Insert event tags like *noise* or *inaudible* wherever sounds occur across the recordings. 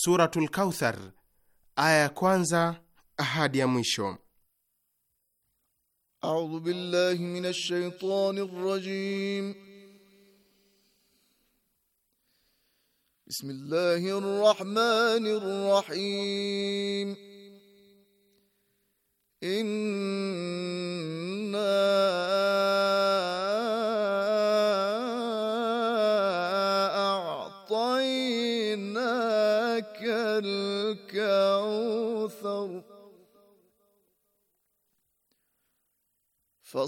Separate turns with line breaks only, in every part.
Suratul Kauthar aya ya kwanza hadi ya mwisho.
A'udhu billahi minash shaitani rrajim. Bismillahir rahmanir rahim.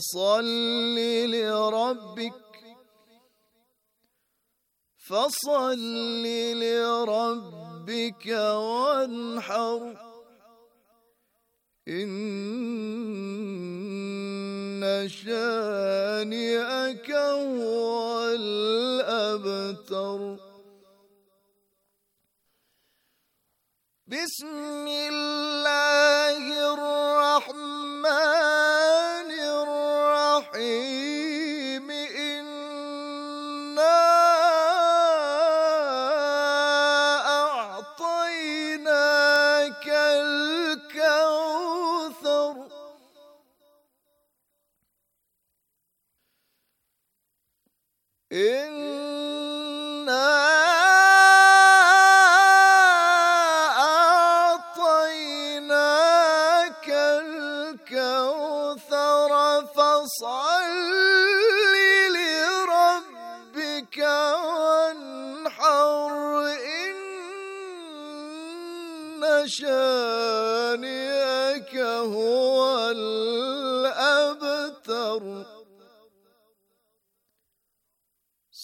فصل لربك فصل لربك وانحر إن شانئك هو الأبتر بسم الله الرحمن الْعِينَ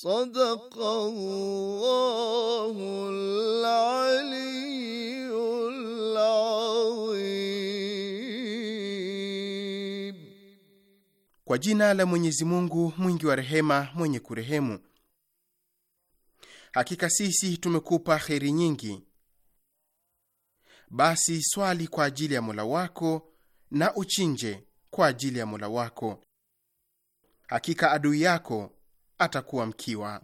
صدق الله
العلي العظيم. Kwa jina la Mwenyezi Mungu mwingi wa rehema mwenye kurehemu. Hakika sisi tumekupa kheri nyingi, basi swali kwa ajili ya mola wako na uchinje kwa ajili ya mola wako. Hakika adui yako atakuwa mkiwa.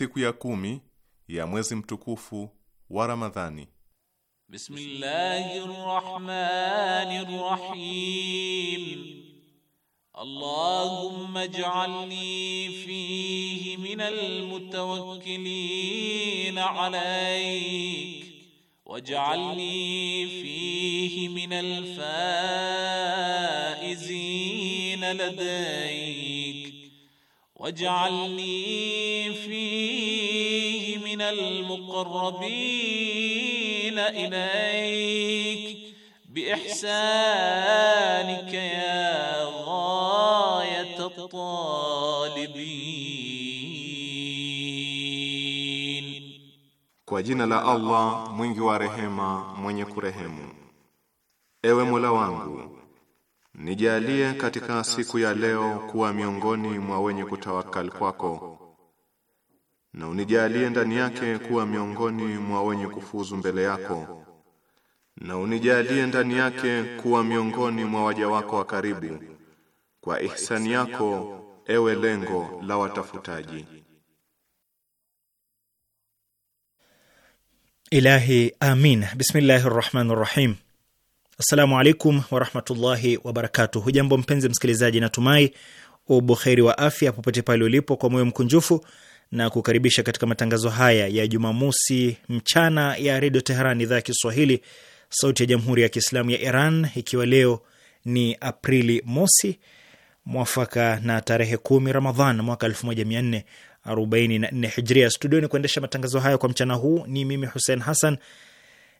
siku ya kumi ya mwezi mtukufu wa Ramadhani.
Bismillahir Rahmanir Rahim. Allahumma ij'alni fihi minal mutawakkilin alayk waj'alni fihi minal faizin ladayk waj'alni fihi minal muqarrabin ilayk
biihsanika ya ghayata talibin,
kwa jina la Allah mwingi wa rehema mwenye kurehemu. Ewe Mola wangu Nijalie katika siku ya leo kuwa miongoni mwa wenye kutawakal kwako na unijalie ndani yake kuwa miongoni mwa wenye kufuzu mbele yako na unijalie ndani yake kuwa miongoni mwa waja wako wa karibu kwa ihsani yako, ewe lengo la watafutaji.
Ilahi, amin. Bismillahir rahim. Assalamu alaikum warahmatullahi wabarakatuh. Hujambo mpenzi msikilizaji, natumai ubuheri wa afya popote pale ulipo. Kwa moyo mkunjufu na kukaribisha katika matangazo haya ya Jumamosi mchana ya Redio Teheran, idhaa ya Kiswahili, sauti ya Jamhuri ya Kiislamu ya Iran, ikiwa leo ni Aprili mosi mwafaka na tarehe kumi Ramadhan mwaka nne Hijria. Studioni kuendesha matangazo haya kwa mchana huu ni mimi Hussein Hassan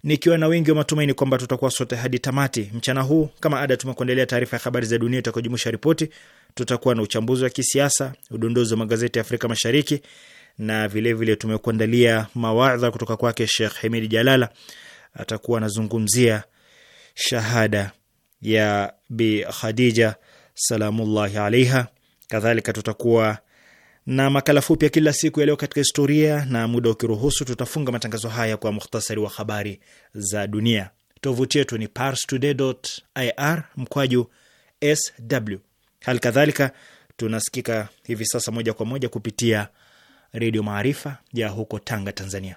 nikiwa na wengi wa matumaini kwamba tutakuwa sote hadi tamati mchana huu. Kama ada, tumekuandalia taarifa ya habari za dunia itakayojumuisha ripoti, tutakuwa na uchambuzi wa kisiasa, udondozi wa magazeti ya Afrika Mashariki na vilevile tumekuandalia mawadha kutoka kwake Shekh Hemidi Jalala, atakuwa anazungumzia shahada ya Bi Khadija salamullahi alaiha. Kadhalika tutakuwa na makala fupi ya kila siku yaliyo katika historia, na muda ukiruhusu, tutafunga matangazo haya kwa muhtasari wa habari za dunia. Tovuti yetu ni parstoday.ir mkwaju sw. Hali kadhalika tunasikika hivi sasa moja kwa moja kupitia Redio Maarifa ya huko Tanga, Tanzania.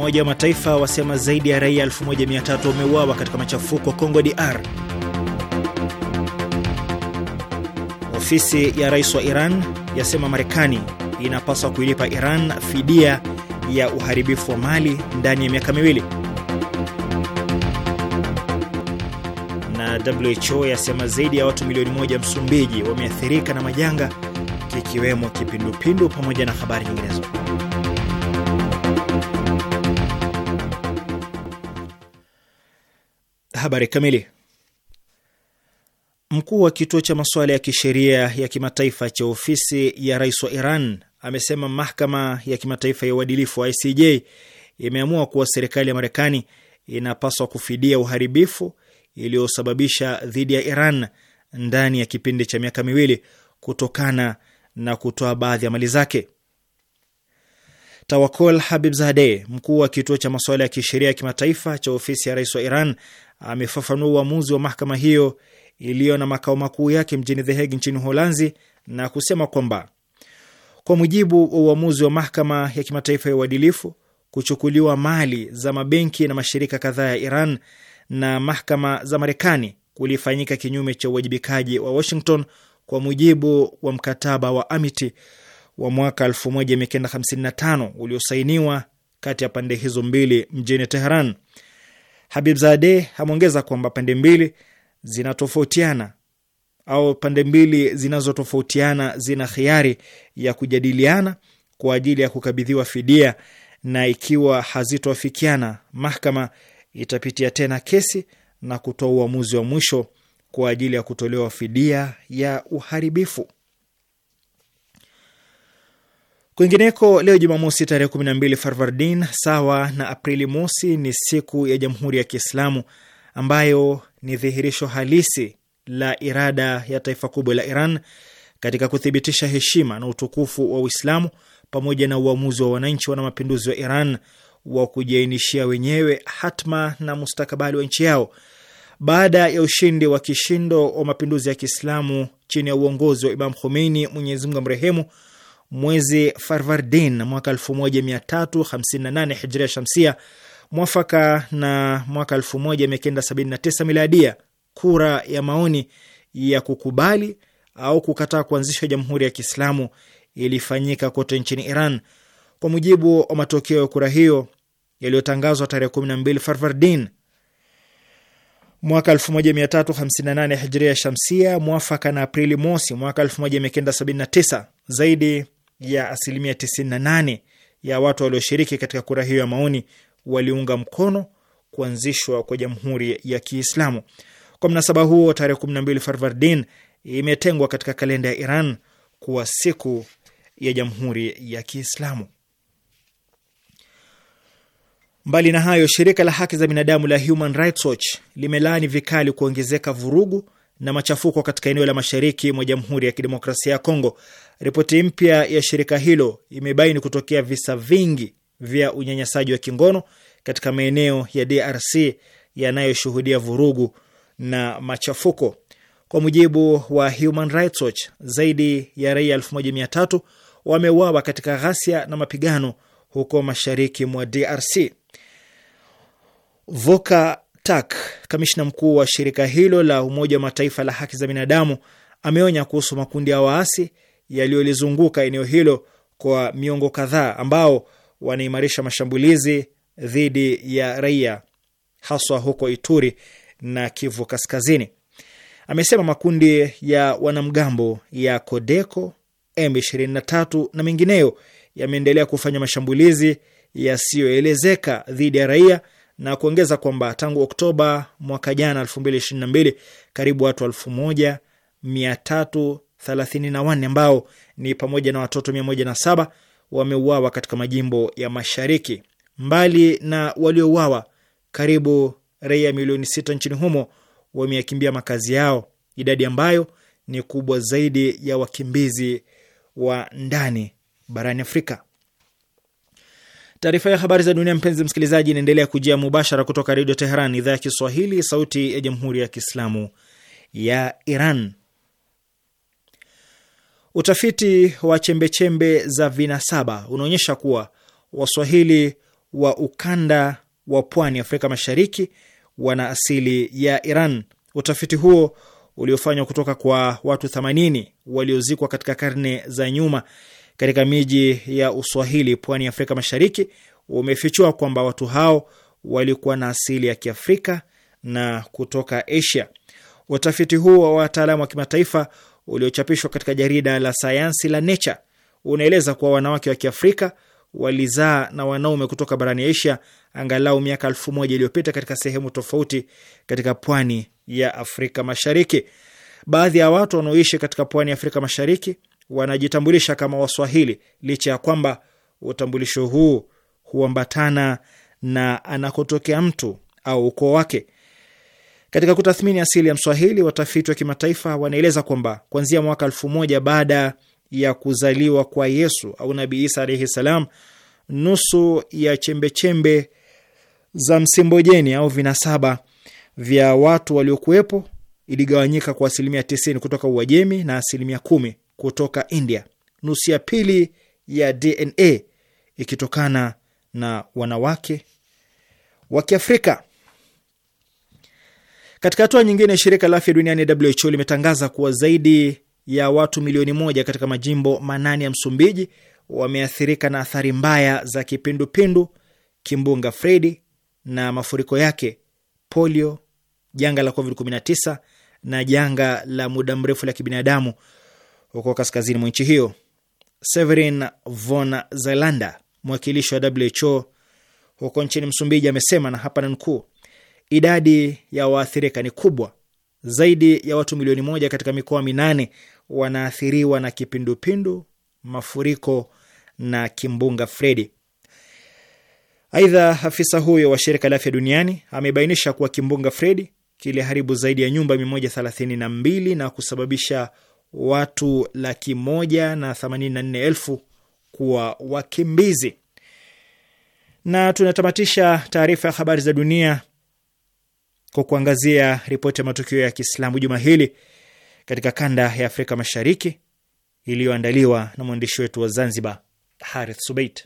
Umoja wa Mataifa wasema zaidi ya raia 1300 wameuawa katika machafuko Kongo DR. Ofisi ya rais wa Iran yasema Marekani inapaswa kuilipa Iran fidia ya uharibifu wa mali ndani ya miaka miwili, na WHO yasema zaidi ya watu milioni moja Msumbiji wameathirika na majanga kikiwemo kipindupindu pamoja na habari nyinginezo. habari kamili. Mkuu wa kituo cha masuala ya kisheria ya kimataifa cha ofisi ya rais wa Iran amesema mahakama ya kimataifa ya uadilifu wa ICJ imeamua kuwa serikali ya Marekani inapaswa kufidia uharibifu iliyosababisha dhidi ya Iran ndani ya kipindi cha miaka miwili kutokana na kutoa baadhi ya mali zake. Tawakol Habib Zadeh, mkuu wa kituo cha masuala ya kisheria ya kimataifa cha ofisi ya rais wa Iran, amefafanua uamuzi wa mahakama hiyo iliyo na makao makuu yake mjini The Hague nchini Uholanzi na kusema kwamba kwa mujibu wa uamuzi wa mahakama ya kimataifa ya uadilifu, kuchukuliwa mali za mabenki na mashirika kadhaa ya Iran na mahakama za Marekani kulifanyika kinyume cha uwajibikaji wa Washington kwa mujibu wa mkataba wa Amity wa mwaka 1955 uliosainiwa kati ya pande hizo mbili mjini Teheran zade ameongeza kwamba pande mbili zinatofautiana au pande mbili zinazotofautiana zina khiari ya kujadiliana kwa ajili ya kukabidhiwa fidia, na ikiwa hazitoafikiana, mahakama itapitia tena kesi na kutoa uamuzi wa mwisho kwa ajili ya kutolewa fidia ya uharibifu. Kwingineko leo Jumamosi tarehe 12 Farvardin sawa na Aprili mosi ni siku ya Jamhuri ya Kiislamu ambayo ni dhihirisho halisi la irada ya taifa kubwa la Iran katika kuthibitisha heshima na utukufu wa Uislamu pamoja na uamuzi wa wananchi wana mapinduzi wa Iran wa kujiainishia wenyewe hatma na mustakabali wa nchi yao baada ya ushindi wa kishindo wa mapinduzi ya Kiislamu chini ya uongozi wa Imam Khomeini, Mwenyezi Mungu amrehemu mwezi Farvardin mwaka 1358 hijria shamsia mwafaka na mwaka 1979 miladia, kura ya maoni ya kukubali au kukataa kuanzishwa jamhuri ya Kiislamu ilifanyika kote nchini Iran. Kwa mujibu wa matokeo ya kura hiyo yaliyotangazwa tarehe 12 Farvardin mwaka 1358 hijria shamsia mwafaka na Aprili mosi mwaka 1979, zaidi ya asilimia 98 ya watu walioshiriki katika kura hiyo ya maoni waliunga mkono kuanzishwa kwa jamhuri ya Kiislamu. Kwa mnasaba huo, tarehe 12 Farvardin imetengwa katika kalenda ya Iran kuwa siku ya jamhuri ya Kiislamu. Mbali na hayo, shirika la haki za binadamu la Human Rights Watch limelaani vikali kuongezeka vurugu na machafuko katika eneo la mashariki mwa Jamhuri ya Kidemokrasia ya Kongo. Ripoti mpya ya shirika hilo imebaini kutokea visa vingi vya unyanyasaji wa kingono katika maeneo ya DRC yanayoshuhudia vurugu na machafuko. Kwa mujibu wa Human Rights Watch, zaidi ya raia 1300 wameuawa katika ghasia na mapigano huko mashariki mwa DRC. Voka Tak, kamishna mkuu wa shirika hilo la Umoja wa Mataifa la haki za binadamu, ameonya kuhusu makundi ya waasi yaliyolizunguka eneo hilo kwa miongo kadhaa, ambao wanaimarisha mashambulizi dhidi ya raia haswa huko Ituri na Kivu Kaskazini. Amesema makundi ya wanamgambo ya Kodeko, M23 na mengineyo yameendelea kufanya mashambulizi yasiyoelezeka dhidi ya raia na kuongeza kwamba tangu Oktoba mwaka jana 2022 karibu watu elfu moja mia tatu 34 ambao ni pamoja na watoto 107 wameuawa katika majimbo ya mashariki. Mbali na waliouawa, karibu raia milioni 6 nchini humo wameyakimbia makazi yao, idadi ambayo ni kubwa zaidi ya wakimbizi wa ndani barani Afrika. Taarifa ya habari za dunia, mpenzi msikilizaji, inaendelea kujia mubashara kutoka Redio Teheran, idhaa ya Kiswahili, sauti ya jamhuri ya kiislamu ya Iran. Utafiti wa chembechembe za vinasaba unaonyesha kuwa Waswahili wa ukanda wa pwani Afrika Mashariki wana asili ya Iran. Utafiti huo uliofanywa kutoka kwa watu 80 waliozikwa katika karne za nyuma katika miji ya Uswahili pwani ya Afrika Mashariki umefichua kwamba watu hao walikuwa na asili ya Kiafrika na kutoka Asia. Utafiti huo wa wataalamu wa kimataifa uliochapishwa katika jarida la sayansi la Nature unaeleza kuwa wanawake wa Kiafrika walizaa na wanaume kutoka barani Asia angalau miaka elfu moja iliyopita katika sehemu tofauti katika pwani ya Afrika Mashariki. Baadhi ya watu wanaoishi katika pwani ya Afrika Mashariki wanajitambulisha kama Waswahili licha ya kwamba utambulisho huu huambatana na anakotokea mtu au ukoo wake. Katika kutathmini asili ya Mswahili, watafiti wa kimataifa wanaeleza kwamba kuanzia mwaka elfu moja baada ya kuzaliwa kwa Yesu au Nabii Isa alaihi salam, nusu ya chembechembe chembe za msimbojeni au vinasaba vya watu waliokuwepo iligawanyika kwa asilimia tisini kutoka Uajemi na asilimia kumi kutoka India, nusu ya pili ya DNA ikitokana na wanawake wa Kiafrika. Katika hatua nyingine, shirika la afya duniani WHO limetangaza kuwa zaidi ya watu milioni moja katika majimbo manane ya Msumbiji wameathirika na athari mbaya za kipindupindu, kimbunga Fredi na mafuriko yake, polio, janga la COVID-19 na janga la muda mrefu la kibinadamu huko kaskazini mwa nchi hiyo. Severin von Zelanda, mwakilishi wa WHO huko nchini Msumbiji, amesema na hapa nanukuu, Idadi ya waathirika ni kubwa. Zaidi ya watu milioni moja katika mikoa minane wanaathiriwa na kipindupindu, mafuriko na kimbunga Fredi. Aidha, afisa huyo wa shirika la afya duniani amebainisha kuwa kimbunga Fredi kiliharibu zaidi ya nyumba thelathini na kusababisha watu laki moja na nne elfu kuwa wakimbizi. Na tunatamatisha taarifa ya habari za dunia kwa kuangazia ripoti ya matukio ya Kiislamu juma hili katika kanda ya Afrika Mashariki iliyoandaliwa na mwandishi wetu wa Zanzibar, Harith Subeit.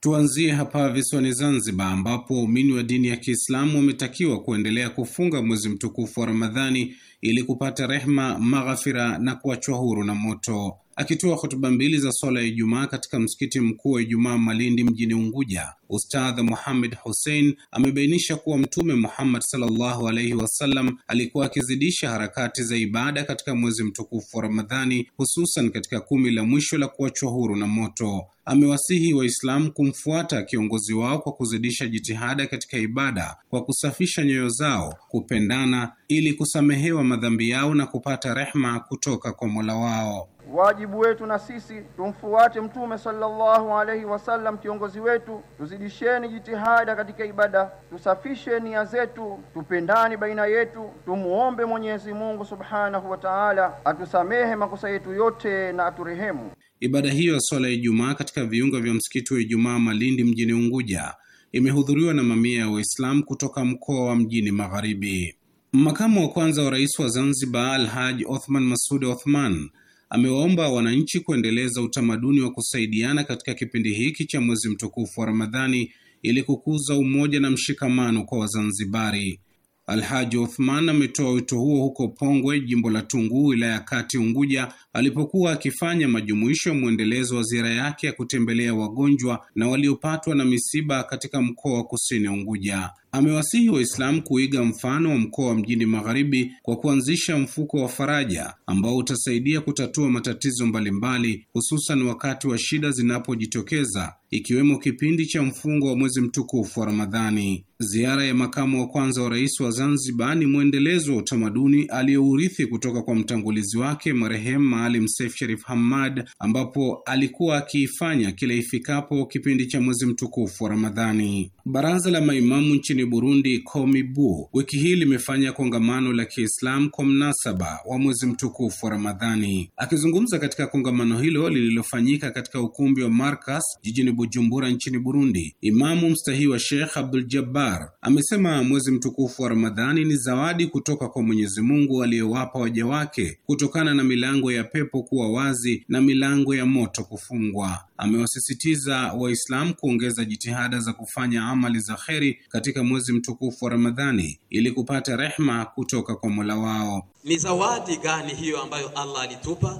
Tuanzie hapa visiwani Zanzibar, ambapo waumini wa dini ya Kiislamu wametakiwa kuendelea kufunga mwezi mtukufu wa Ramadhani ili kupata rehma, maghafira na kuachwa huru na moto. Akitoa hotuba mbili za swala ya Ijumaa katika msikiti mkuu wa Ijumaa Malindi mjini Unguja, Ustadh Muhammad Hussein amebainisha kuwa Mtume Muhammad sallallahu alaihi wasallam alikuwa akizidisha harakati za ibada katika mwezi mtukufu wa Ramadhani, hususan katika kumi la mwisho la kuachwa huru na moto. Amewasihi Waislamu kumfuata kiongozi wao kwa kuzidisha jitihada katika ibada, kwa kusafisha nyoyo zao, kupendana ili kusamehewa madhambi yao na kupata rehma kutoka kwa Mola wao.
Wajibu wetu na sisi tumfuate Mtume sallallahu alaihi wasallam, kiongozi wetu. Tuzidisheni jitihada katika ibada, tusafishe nia zetu, tupendani baina yetu, tumuombe Mwenyezi Mungu subhanahu wa taala atusamehe makosa yetu yote na aturehemu.
Ibada hiyo ya swala ya Ijumaa katika viunga vya msikiti wa Ijumaa Malindi mjini Unguja imehudhuriwa na mamia ya Waislamu kutoka mkoa wa mjini Magharibi. Makamu wa kwanza wa rais wa Zanzibar alhaj Othman Masud Othman amewaomba wananchi kuendeleza utamaduni wa kusaidiana katika kipindi hiki cha mwezi mtukufu wa Ramadhani ili kukuza umoja na mshikamano kwa Wazanzibari. Alhaji Othman ametoa wito huo huko Pongwe, jimbo la Tunguu, wilaya ya Kati Unguja, alipokuwa akifanya majumuisho ya mwendelezo wa ziara yake ya kutembelea wagonjwa na waliopatwa na misiba katika mkoa wa Kusini Unguja amewasihi Waislamu kuiga mfano wa mkoa wa Mjini Magharibi kwa kuanzisha mfuko wa faraja ambao utasaidia kutatua matatizo mbalimbali, hususan wakati wa shida zinapojitokeza ikiwemo kipindi cha mfungo wa mwezi mtukufu wa Ramadhani. Ziara ya makamu wa kwanza wa rais wa Zanzibar ni mwendelezo wa utamaduni aliyourithi kutoka kwa mtangulizi wake marehemu Maalim Seif Sharif Hamad, ambapo alikuwa akiifanya kila ifikapo kipindi cha mwezi mtukufu wa Ramadhani. Baraza la maimamu nchini nchini Burundi, comibu wiki hii limefanya kongamano la Kiislamu kwa mnasaba wa mwezi mtukufu wa Ramadhani. Akizungumza katika kongamano hilo lililofanyika katika ukumbi wa Markas jijini Bujumbura nchini Burundi, imamu mstahii wa Sheikh Abdul Jabbar amesema mwezi mtukufu wa Ramadhani ni zawadi kutoka kwa Mwenyezi Mungu aliyowapa waja wake kutokana na milango ya pepo kuwa wazi na milango ya moto kufungwa. Amewasisitiza Waislamu kuongeza jitihada za kufanya amali za kheri katika mwezi mtukufu wa Ramadhani ili kupata rehma kutoka kwa Mola wao. Ni zawadi gani hiyo ambayo Allah alitupa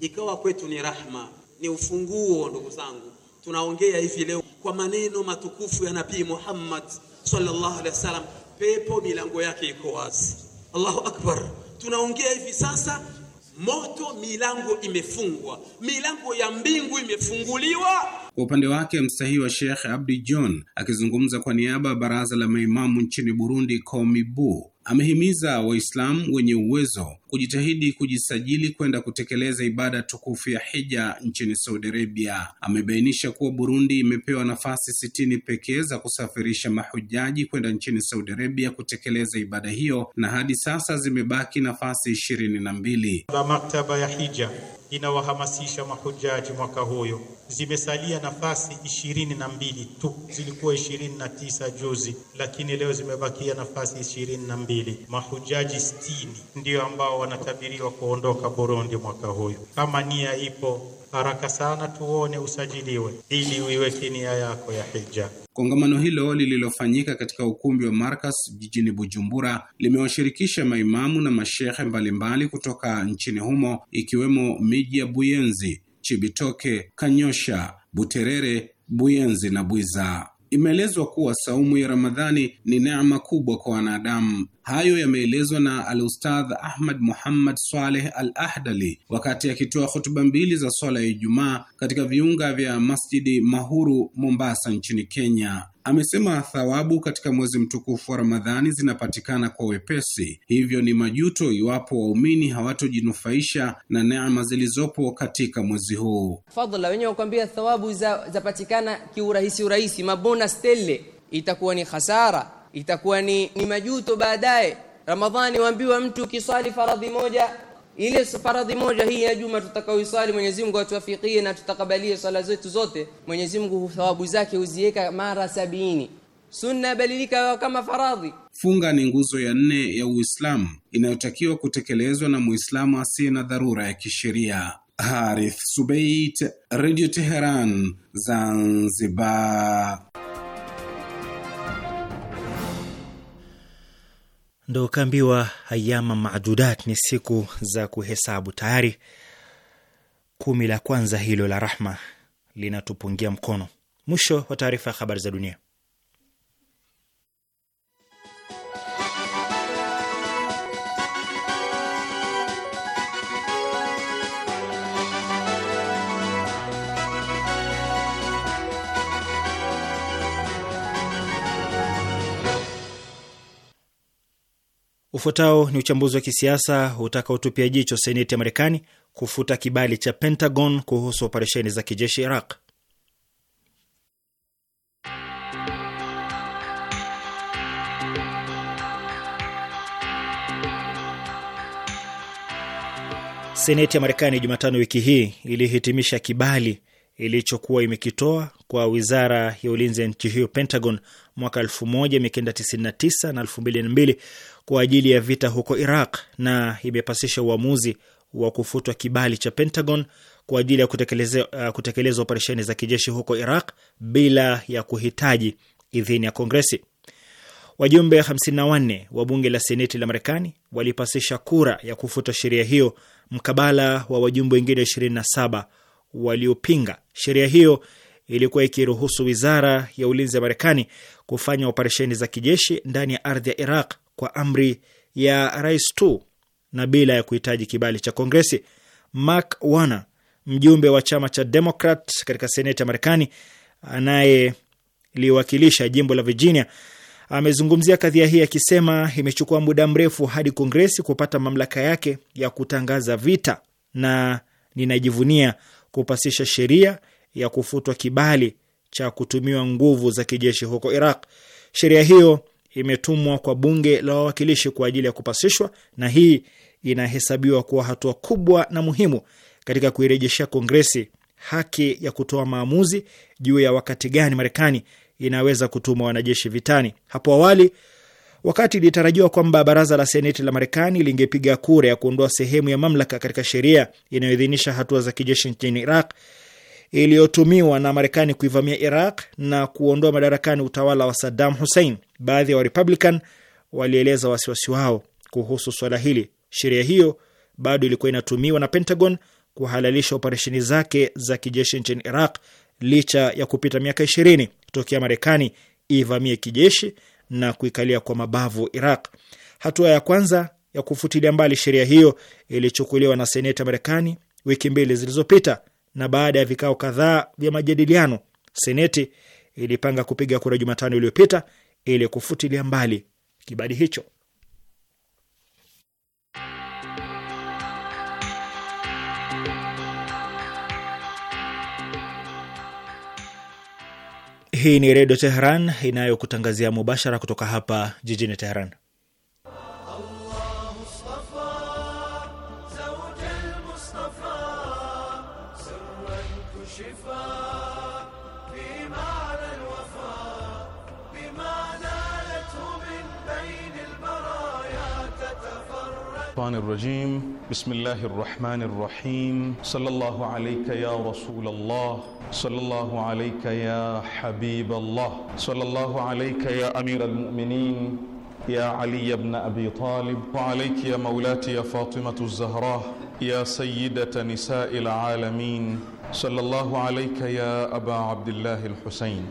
ikawa kwetu ni rahma, ni ufunguo. Ndugu zangu, tunaongea hivi leo kwa maneno matukufu ya Nabii Muhammad sallallahu alaihi wasallam, pepo milango yake iko wazi. Allahu akbar, tunaongea hivi sasa moto, milango imefungwa, milango ya mbingu imefunguliwa. Kwa upande wake mstahii wa Sheikh Abdi John akizungumza kwa niaba ya baraza la maimamu nchini Burundi, Komibu, amehimiza Waislamu wenye uwezo kujitahidi kujisajili kwenda kutekeleza ibada tukufu ya hija nchini Saudi Arabia. Amebainisha kuwa Burundi imepewa nafasi sitini pekee za kusafirisha mahujaji kwenda nchini Saudi Arabia kutekeleza ibada hiyo, na hadi sasa zimebaki nafasi ishirini na mbili. Maktaba ya hija inawahamasisha mahujaji mwaka huyo, zimesalia nafasi ishirini na mbili tu. Zilikuwa ishirini na tisa juzi, lakini leo zimebakia nafasi
ishirini na mbili. Mahujaji sitini ndiyo ambao ambao wanatabiriwa kuondoka Burundi mwaka huyu. Kama nia ipo, haraka sana tuone usajiliwe ili uiweke nia
yako ya hija. Kongamano hilo lililofanyika katika ukumbi wa Markas jijini Bujumbura limewashirikisha maimamu na mashehe mbalimbali kutoka nchini humo ikiwemo miji ya Buyenzi, Chibitoke, Kanyosha, Buterere, Buyenzi na Bwiza. Imeelezwa kuwa saumu ya Ramadhani ni neema kubwa kwa wanadamu. Hayo yameelezwa na Alustadh Ahmad Muhammad Saleh Al Ahdali wakati akitoa hotuba mbili za swala ya Ijumaa katika viunga vya Masjidi Mahuru, Mombasa, nchini Kenya amesema thawabu katika mwezi mtukufu wa Ramadhani zinapatikana kwa wepesi, hivyo ni majuto iwapo waumini hawatojinufaisha na neema zilizopo katika mwezi huu.
Fadhla wenyewe wakuambia thawabu zapatikana za kiurahisi urahisi, mabona stele, itakuwa ni hasara, itakuwa ni, ni majuto baadaye. Ramadhani waambiwa mtu ukiswali faradhi moja ile faradhi moja hii ya juma tutakaoiswali, Mwenyezi Mungu atuafikie na tutakabalie swala zetu zote. Mwenyezi Mungu thawabu zake huziweka mara sabini. Sunna balilika kama faradhi.
Funga ni nguzo ya nne ya Uislamu inayotakiwa kutekelezwa na Muislamu asiye na dharura ya kisheria. Harith Subait, Radio Teheran, Zanzibar.
ndo kaambiwa ayama madudat ni siku za kuhesabu. Tayari kumi la kwanza hilo la rahma linatupungia mkono. Mwisho wa taarifa ya habari za dunia. Ufuatao ni uchambuzi wa kisiasa utakaotupia jicho seneti ya Marekani kufuta kibali cha Pentagon kuhusu operesheni za kijeshi Iraq. Seneti ya Marekani Jumatano wiki hii ilihitimisha kibali ilichokuwa imekitoa kwa wizara ya ulinzi ya nchi hiyo Pentagon mwaka 1999 na 2002 kwa ajili ya vita huko Iraq, na imepasisha uamuzi wa kufutwa kibali cha Pentagon kwa ajili ya kutekeleza uh, kutekeleza operesheni za kijeshi huko Iraq bila ya kuhitaji idhini ya Kongresi. Wajumbe 54 wa bunge la seneti la Marekani walipasisha kura ya kufuta sheria hiyo mkabala wa wajumbe wengine 27 waliopinga. Sheria hiyo ilikuwa ikiruhusu wizara ya ulinzi ya Marekani kufanya operesheni za kijeshi ndani ya ardhi ya Iraq kwa amri ya rais tu na bila ya kuhitaji kibali cha Kongresi. Mark Warner, mjumbe wa chama cha Demokrat katika seneti ya Marekani anayeliwakilisha jimbo la Virginia, amezungumzia kadhia hii akisema imechukua muda mrefu hadi Kongresi kupata mamlaka yake ya kutangaza vita, na ninajivunia kupasisha sheria ya kufutwa kibali cha kutumiwa nguvu za kijeshi huko Iraq. Sheria hiyo imetumwa kwa bunge la wawakilishi kwa ajili ya kupasishwa, na hii inahesabiwa kuwa hatua kubwa na muhimu katika kuirejeshea Kongresi haki ya kutoa maamuzi juu ya wakati gani Marekani inaweza kutuma wanajeshi vitani. Hapo awali wakati ilitarajiwa kwamba baraza la seneti la Marekani lingepiga kura ya kuondoa sehemu ya mamlaka katika sheria inayoidhinisha hatua za kijeshi nchini Iraq iliyotumiwa na Marekani kuivamia Iraq na kuondoa madarakani utawala wa Saddam Hussein. Baadhi ya wa walieleza wasiwasi wao kuhusu swala hili. Sheria hiyo bado ilikuwa inatumiwa na Pentagon kuhalalisha operesheni zake za kijeshi nchini Iraq licha ya kupita miaka ishirini tokea Marekani ivamie kijeshi na kuikalia kwa mabavu Iraq. Hatua ya kwanza ya kufutilia mbali sheria hiyo ilichukuliwa na seneti ya Marekani wiki mbili zilizopita, na baada ya vikao kadhaa vya majadiliano, seneti ilipanga kupiga kura Jumatano iliyopita ili kufutilia mbali kibali hicho. Hii ni Redio Teheran inayokutangazia mubashara kutoka hapa jijini Teheran.
الشيطان الرجيم بسم الله الرحمن الرحيم صلى الله عليك يا رسول الله صلى الله عليك يا حبيب الله صلى الله عليك يا أمير المؤمنين يا علي بن أبي طالب وعليك يا مولاتي يا فاطمة الزهراء يا سيدة نساء العالمين صلى الله عليك يا أبا عبد الله الحسين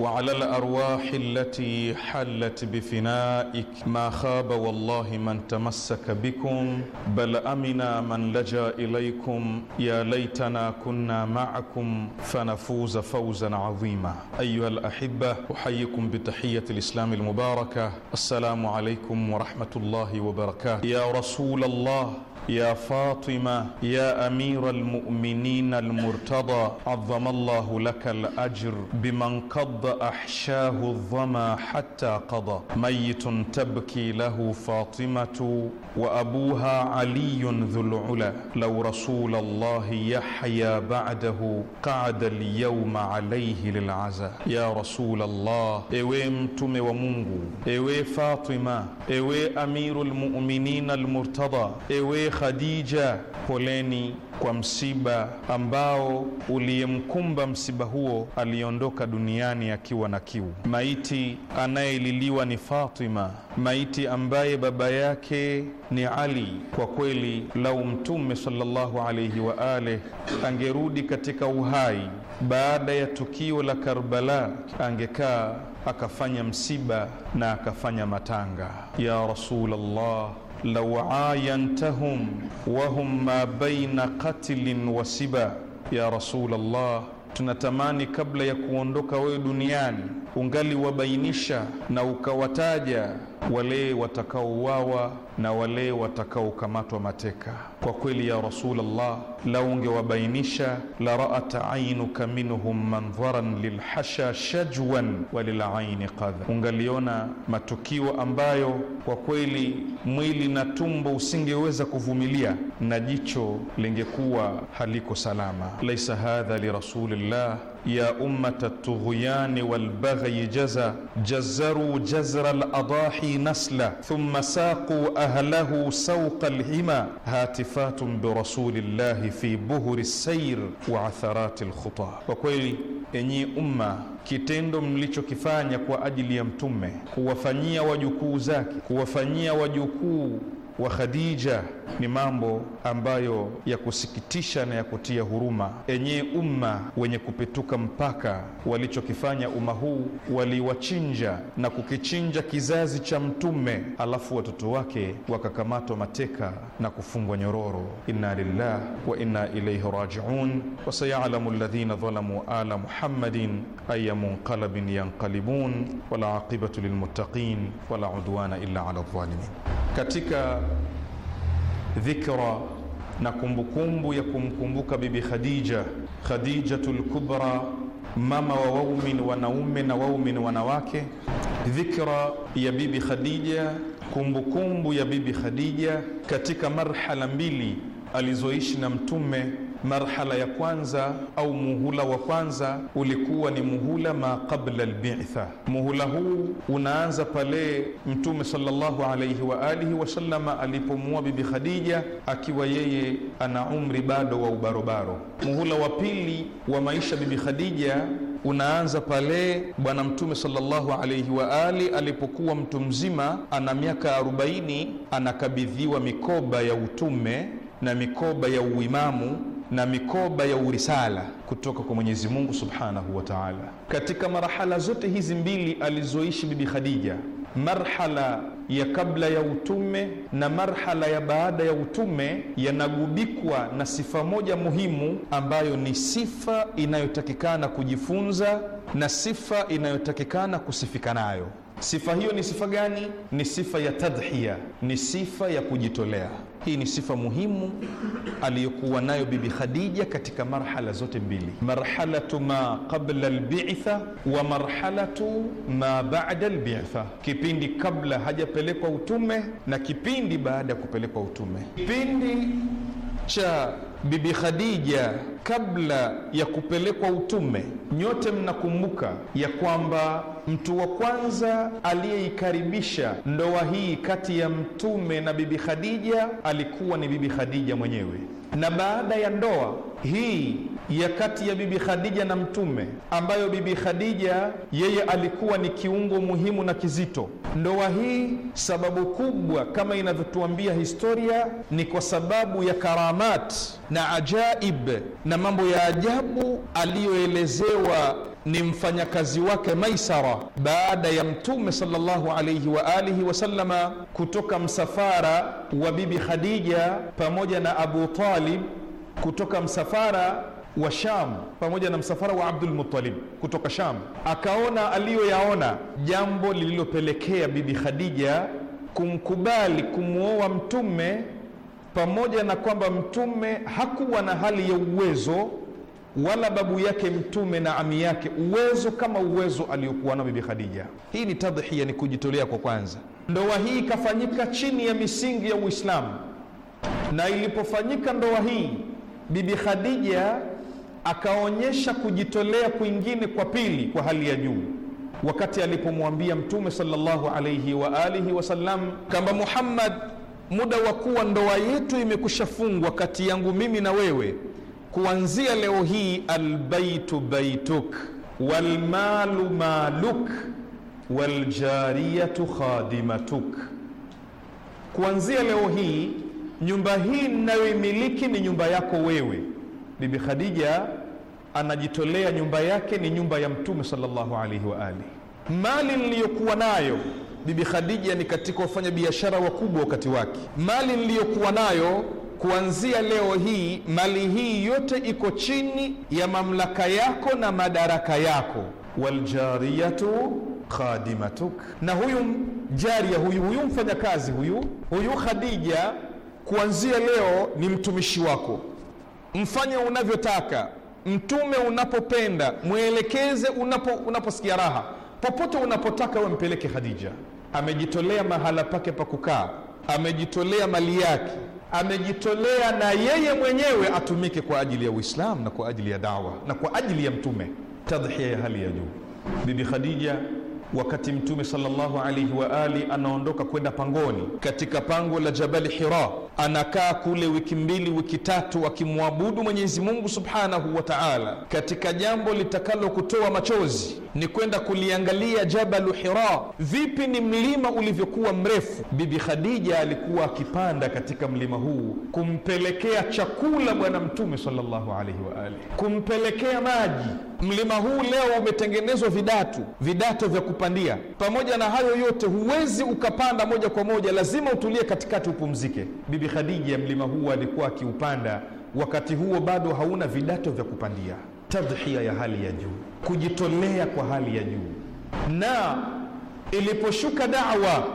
وعلى الأرواح التي حلت بفنائك ما خاب والله من تمسك بكم بل أمنا من لجأ إليكم يا ليتنا كنا معكم فنفوز فوزا عظيما أيها الأحبة أحييكم بتحية الإسلام المباركة السلام عليكم ورحمة الله وبركاته يا رسول الله يا فاطمة يا أمير المؤمنين المرتضى عظم الله لك الأجر بمن قض أحشاه الظما حتى قضى ميت تبكي له فاطمة وأبوها علي ذو العلا لو رسول الله يحيى بعده قعد اليوم عليه للعزاء يا رسول الله إوي متم ومنغو إوي فاطمة إوي أمير المؤمنين المرتضى إوي Khadija, poleni kwa msiba ambao uliyemkumba. Msiba huo aliondoka duniani akiwa na kiu. Maiti anayeliliwa ni Fatima, maiti ambaye baba yake ni Ali. Kwa kweli, lau Mtume sallallahu alayhi wa alihi angerudi katika uhai baada ya tukio la Karbala, angekaa akafanya msiba na akafanya matanga. Ya Rasulullah lau ayantahum wahum ma baina qatlin wa siba. Ya Rasul Allah, tunatamani kabla ya kuondoka wewe duniani ungali wabainisha na ukawataja wale watakaouawa na wale watakaokamatwa mateka. Kwa kweli ya Rasulullah, lau ungewabainisha, la raat ainuka minhum mandharan lilhasha shajwan walilaini qadha, ungaliona matukio ambayo kwa kweli mwili na tumbo usingeweza kuvumilia na jicho lingekuwa haliko salama. Laisa hadha lirasulillah يا أمة الطغيان والبغي جزا جزروا جزر الأضاحي نسلا ثم ساقوا أهله سوق الهما هاتفات برسول الله في بهر السير وعثرات الخطى وكويلي إني أمة kitendo mlichokifanya kwa ajili ya mtume kuwafanyia wajukuu zake kuwafanyia wajukuu wa Khadija ni mambo ambayo ya kusikitisha na ya kutia huruma. Enye umma wenye kupetuka mpaka, walichokifanya umma huu, waliwachinja na kukichinja kizazi cha Mtume, alafu watoto wake wakakamatwa mateka na kufungwa nyororo. Inna lillah wa inna ilaihi rajiun. Wasayalamu alladhina dhalamu ala muhammadin aya munqalabin yanqalibun, wala aqibatu lilmuttaqin wala udwana illa ala dhalimin. Katika dhikra na kumbukumbu ya kumkumbuka bibi Khadija, Khadijatul Kubra, mama wa waumin wanaume na waumin wanawake. Dhikra ya bibi Khadija, kumbukumbu ya bibi Khadija katika marhala mbili alizoishi na Mtume Marhala ya kwanza au muhula wa kwanza ulikuwa ni muhula ma qabla albitha. Muhula huu unaanza pale Mtume sallallahu alayhi wa alihi wasallama alipomuoa Bibi Khadija akiwa yeye ana umri bado wa ubarobaro. Muhula wa pili wa maisha Bibi Khadija unaanza pale Bwana Mtume sallallahu alayhi wa ali alipokuwa mtu mzima, ana miaka 40, anakabidhiwa mikoba ya utume na mikoba ya uimamu na mikoba ya urisala kutoka kwa Mwenyezi Mungu Subhanahu wa Ta'ala. Katika marhala zote hizi mbili alizoishi Bibi Khadija, marhala ya kabla ya utume na marhala ya baada ya utume yanagubikwa na sifa moja muhimu ambayo ni sifa inayotakikana kujifunza na sifa inayotakikana kusifika nayo. Sifa hiyo ni sifa gani? Ni sifa ya tadhiya, ni sifa ya kujitolea. Hii ni sifa muhimu aliyokuwa nayo Bibi Khadija katika marhala zote mbili, marhalatu ma qabla lbitha wa marhalatu ma bada lbitha, kipindi kabla hajapelekwa utume na kipindi baada ya kupelekwa utume.
Kipindi
cha Bibi Khadija kabla ya kupelekwa utume, nyote mnakumbuka ya kwamba mtu wa kwanza aliyeikaribisha ndoa hii kati ya mtume na bibi Khadija alikuwa ni bibi Khadija mwenyewe, na baada ya ndoa hii ya kati ya bibi Khadija na mtume, ambayo bibi Khadija yeye alikuwa ni kiungo muhimu na kizito. Ndoa hii sababu kubwa kama inavyotuambia historia ni kwa sababu ya karamat na ajaib na mambo ya ajabu aliyoelezewa ni mfanyakazi wake Maisara baada ya Mtume sallallahu alayhi wa alihi wasallama kutoka msafara wa Bibi Khadija pamoja na Abu Talib kutoka msafara wa Sham pamoja na msafara wa Abdul Muttalib kutoka Sham, akaona aliyoyaona, jambo lililopelekea Bibi Khadija kumkubali kumwoa Mtume pamoja na kwamba mtume hakuwa na hali ya uwezo wala babu yake mtume na ami yake uwezo kama uwezo aliyokuwa nao bibi Khadija. Hii ni tadhhiya, ni kujitolea kwa kwanza. Ndoa hii ikafanyika chini ya misingi ya Uislamu, na ilipofanyika ndoa hii bibi Khadija akaonyesha kujitolea kwingine kwa pili kwa hali ya juu, wakati alipomwambia mtume sallallahu alayhi wa alihi wasallam kwamba Muhammad muda wa kuwa ndoa yetu imekushafungwa kati yangu mimi na wewe, kuanzia leo hii, albaitu baituk walmalu maluk waljariyatu khadimatuk, kuanzia leo hii nyumba hii nnayoimiliki ni nyumba yako wewe. Bibi Khadija anajitolea, nyumba yake ni nyumba ya Mtume sallallahu alaihi wa alihi. Mali niliyokuwa nayo Bibi Khadija ni katika wafanya biashara wakubwa wakati wake. Mali niliyokuwa nayo kuanzia leo hii, mali hii yote iko chini ya mamlaka yako na madaraka yako. Waljariyatu khadimatuk, na huyu jaria huyu huyu mfanyakazi huyu huyu Khadija kuanzia leo ni mtumishi wako. Mfanye unavyotaka, mtume unapopenda, mwelekeze unapo unaposikia raha popote unapotaka we mpeleke Khadija. Amejitolea mahala pake pa kukaa, amejitolea mali yake, amejitolea na yeye mwenyewe atumike kwa ajili ya Uislamu na kwa ajili ya dawa na kwa ajili ya Mtume, tadhhia ya hali ya juu. Bibi Khadija wakati Mtume sallallahu alaihi wa ali anaondoka kwenda pangoni katika pango la Jabali Hira, anakaa kule wiki mbili wiki tatu akimwabudu Mwenyezi Mungu subhanahu wa taala. Katika jambo litakalokutoa machozi ni kwenda kuliangalia Jabalu Hira, vipi ni mlima ulivyokuwa mrefu. Bibi Khadija alikuwa akipanda katika mlima huu kumpelekea chakula Bwana Mtume sallallahu alaihi wa ali, kumpelekea maji Mlima huu leo umetengenezwa vidatu, vidato vya kupandia. Pamoja na hayo yote, huwezi ukapanda moja kwa moja, lazima utulie katikati, upumzike. Bibi Khadija mlima huu alikuwa akiupanda wakati huo bado hauna vidato vya kupandia. Tadhia ya hali ya juu, kujitolea kwa hali ya juu. Na iliposhuka dawa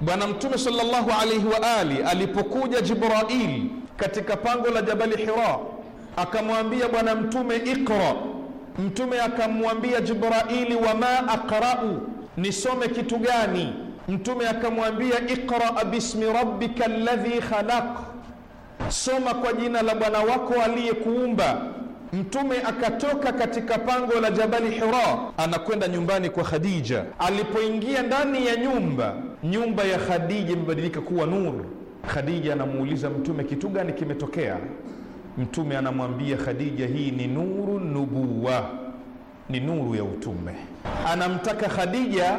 Bwana Mtume sallallahu alaihi wa ali, alipokuja Jibrail katika pango la Jabali Hira, akamwambia Bwana Mtume, iqra Mtume akamwambia Jibraili, wama aqra'u, nisome kitu gani? Mtume akamwambia iqra bismi rabbika alladhi khalaq, soma kwa jina la Bwana wako aliyekuumba. Mtume akatoka katika pango la Jabali Hira, anakwenda nyumbani kwa Khadija. Alipoingia ndani ya nyumba, nyumba ya Khadija imebadilika kuwa nuru. Khadija anamuuliza Mtume, kitu gani kimetokea? Mtume anamwambia Khadija, hii ni nuru nubuwa, ni nuru ya utume. Anamtaka Khadija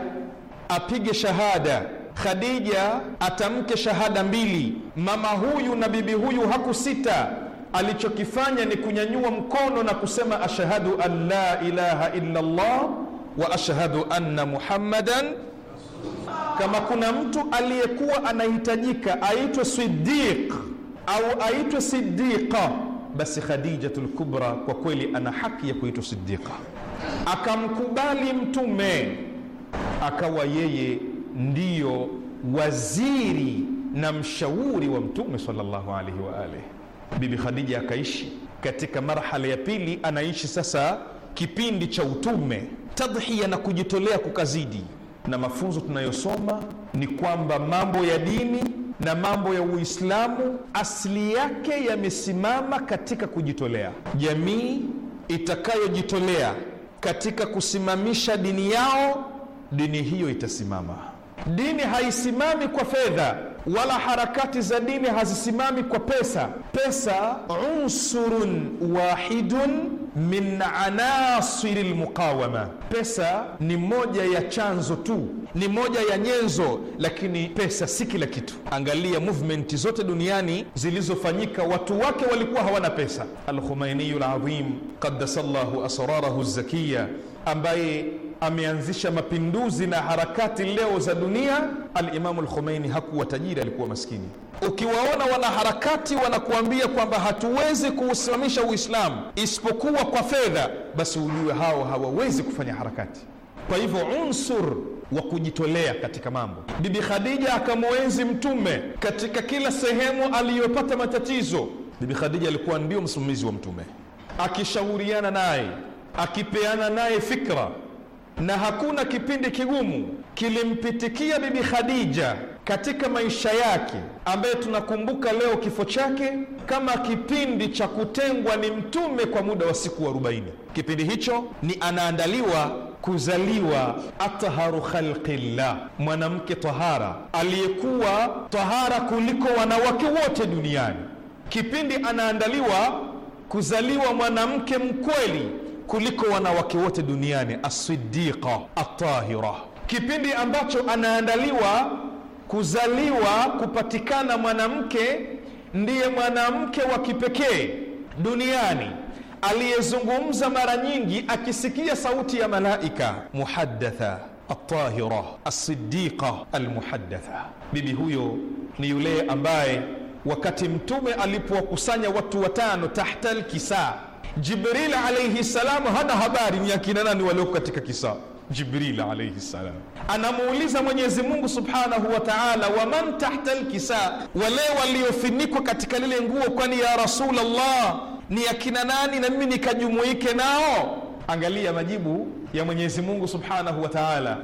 apige shahada, Khadija atamke shahada mbili. Mama huyu na bibi huyu hakusita, alichokifanya ni kunyanyua mkono na kusema ashhadu an la ilaha illa llah wa ashhadu anna Muhammadan. Kama kuna mtu aliyekuwa anahitajika aitwe sidiq au aitwe siddiqa basi khadijatu lkubra kwa kweli ana haki ya kuitwa Siddiqa. Akamkubali Mtume, akawa yeye ndiyo waziri na mshauri wa Mtume sallallahu alaihi wa alihi. Bibi Khadija akaishi katika marhala ya pili, anaishi sasa kipindi cha utume, tadhiya na kujitolea kukazidi. Na mafunzo tunayosoma ni kwamba mambo ya dini na mambo ya Uislamu asili yake yamesimama katika kujitolea. Jamii itakayojitolea katika kusimamisha dini yao, dini hiyo itasimama. Dini haisimami kwa fedha wala harakati za dini hazisimami kwa pesa. Pesa unsurun wahidun min anasiri lmuqawama, pesa ni moja ya chanzo tu, ni moja ya nyenzo, lakini pesa si kila kitu. Angalia movement zote duniani zilizofanyika, watu wake walikuwa hawana pesa. Alkhumainiyu ladhim qaddasa llahu asrarahu zakiya ambaye ameanzisha mapinduzi na harakati leo za dunia, Alimamu Lkhumeini hakuwa tajiri, alikuwa maskini. Ukiwaona wanaharakati wanakuambia kwamba hatuwezi kuusimamisha Uislamu isipokuwa kwa fedha, basi ujue hao hawawezi kufanya harakati. Kwa hivyo unsur wa kujitolea katika mambo. Bibi Khadija akamwenzi Mtume katika kila sehemu aliyopata matatizo. Bibi Khadija alikuwa ndio msimamizi wa Mtume, akishauriana naye, akipeana naye fikra na hakuna kipindi kigumu kilimpitikia Bibi Khadija katika maisha yake, ambaye tunakumbuka leo kifo chake, kama kipindi cha kutengwa ni mtume kwa muda wa siku arobaini. Kipindi hicho ni anaandaliwa kuzaliwa atharu khalqillah, mwanamke tahara, aliyekuwa tahara kuliko wanawake wote duniani. Kipindi anaandaliwa kuzaliwa mwanamke mkweli kuliko wanawake wote duniani, Asidiqa Atahira, kipindi ambacho anaandaliwa kuzaliwa kupatikana mwanamke, ndiye mwanamke wa kipekee duniani aliyezungumza mara nyingi akisikia sauti ya malaika, muhaddatha atahira asidiqa almuhaddatha. Bibi huyo ni yule ambaye wakati Mtume alipowakusanya watu watano tahta lkisaa Jibril alaihi salam hana habari ni akina nani walioko katika kisa. Jibril alaihi salam anamuuliza Mwenyezi Mungu subhanahu wa taala, waman tahta alkisa, wale waliofinikwa katika lile nguo, kwani ya Rasulullah ni akina nani na mimi nikajumuike nao? Angalia majibu ya Mwenyezi Mungu subhanahu wa taala.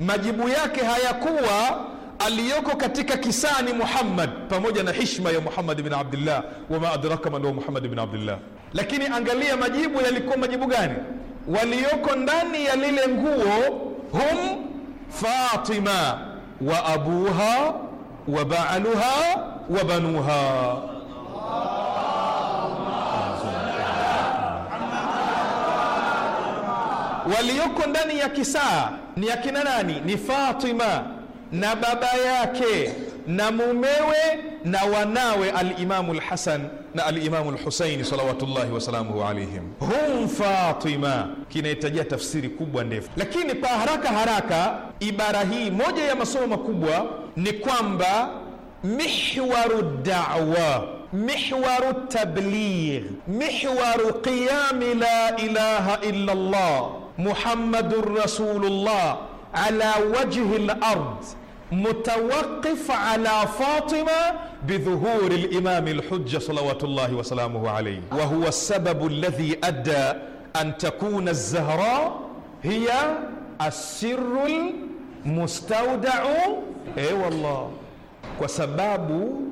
Majibu yake hayakuwa aliyoko katika kisani Muhammad, pamoja na hishma ya Muhammad bin Abdillah, wama adraka man huwa Muhammad bin Abdillah lakini angalia majibu yalikuwa majibu gani? Walioko ndani ya lile nguo hum Fatima wa abuha wa baaluha wa banuha. Walioko ndani ya kisaa ni akina nani? Ni Fatima na baba yake na mumewe na wanawe alimamu lhasan na alimamu lhusaini salawatullahi wasalamuhu alaihim hum fatima kinahitajia tafsiri kubwa ndefu lakini kwa haraka haraka ibara hii moja ya masomo makubwa ni kwamba mihwaru dawa محور التبليغ محور قيام لا اله الا الله محمد رسول الله على وجه الارض mutawaqif ala Fatima bidhuhuri limami lhuja salawatullahi wasalamuhu alaihi wa huwa sababu ladhi adda an takuna Zahra hiya asiru lmustaudau. E wallah, kwa sababu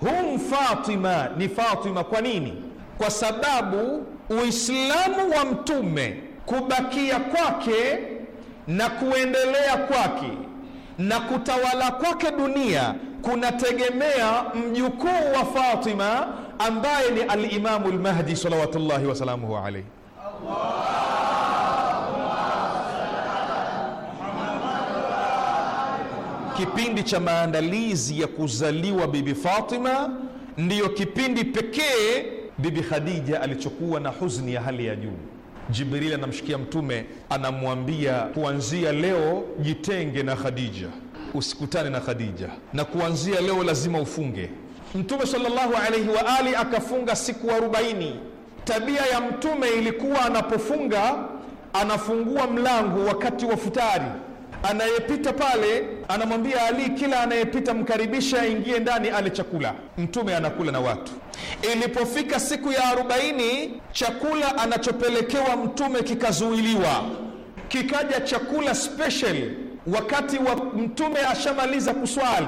hum Fatima ni Fatima. Kwa nini? Kwa sababu Uislamu wa Mtume kubakia kwake na kuendelea kwake na kutawala kwake dunia kunategemea mjukuu wa Fatima ambaye ni al-Imamu al-Mahdi salawatullahi wasalamuhu alayhi. Kipindi cha maandalizi ya kuzaliwa Bibi Fatima ndiyo kipindi pekee Bibi Khadija alichokuwa na huzuni ya hali ya juu. Jibrili anamshikia Mtume, anamwambia kuanzia leo jitenge na Khadija, usikutane na Khadija, na kuanzia leo lazima ufunge. Mtume sallallahu alaihi wa ali akafunga siku arobaini. Tabia ya Mtume ilikuwa anapofunga anafungua mlango wakati wa futari anayepita pale anamwambia Ali, kila anayepita mkaribisha aingie ndani ale chakula. Mtume anakula na watu. Ilipofika siku ya arobaini, chakula anachopelekewa mtume kikazuiliwa, kikaja chakula special. Wakati wa mtume ashamaliza kuswali,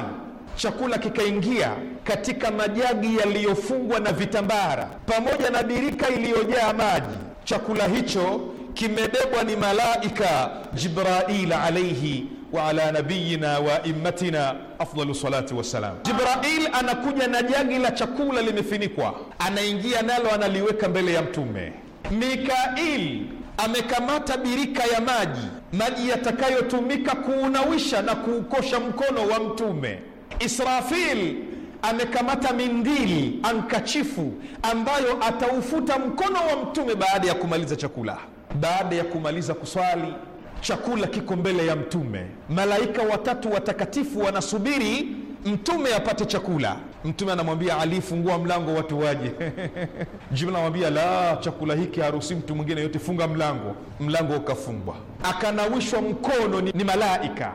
chakula kikaingia katika majagi yaliyofungwa na vitambara pamoja na birika iliyojaa maji. Chakula hicho kimebebwa ni malaika Jibrail alaihi wa ala nabiyina wa immatina afdalu salati wassalam. Jibrail anakuja na jagi la chakula limefinikwa, anaingia nalo, analiweka mbele ya Mtume. Mikail amekamata birika ya maji, maji yatakayotumika kuunawisha na kuukosha mkono wa Mtume. Israfil amekamata mindili, ankachifu ambayo ataufuta mkono wa Mtume baada ya kumaliza chakula baada ya kumaliza kuswali chakula kiko mbele ya mtume malaika watatu watakatifu wanasubiri mtume apate chakula mtume anamwambia ali fungua mlango watu waje *laughs* jibril anamwambia la chakula hiki haruhusi mtu mwingine yote funga mlango mlango ukafungwa akanawishwa mkono ni, ni malaika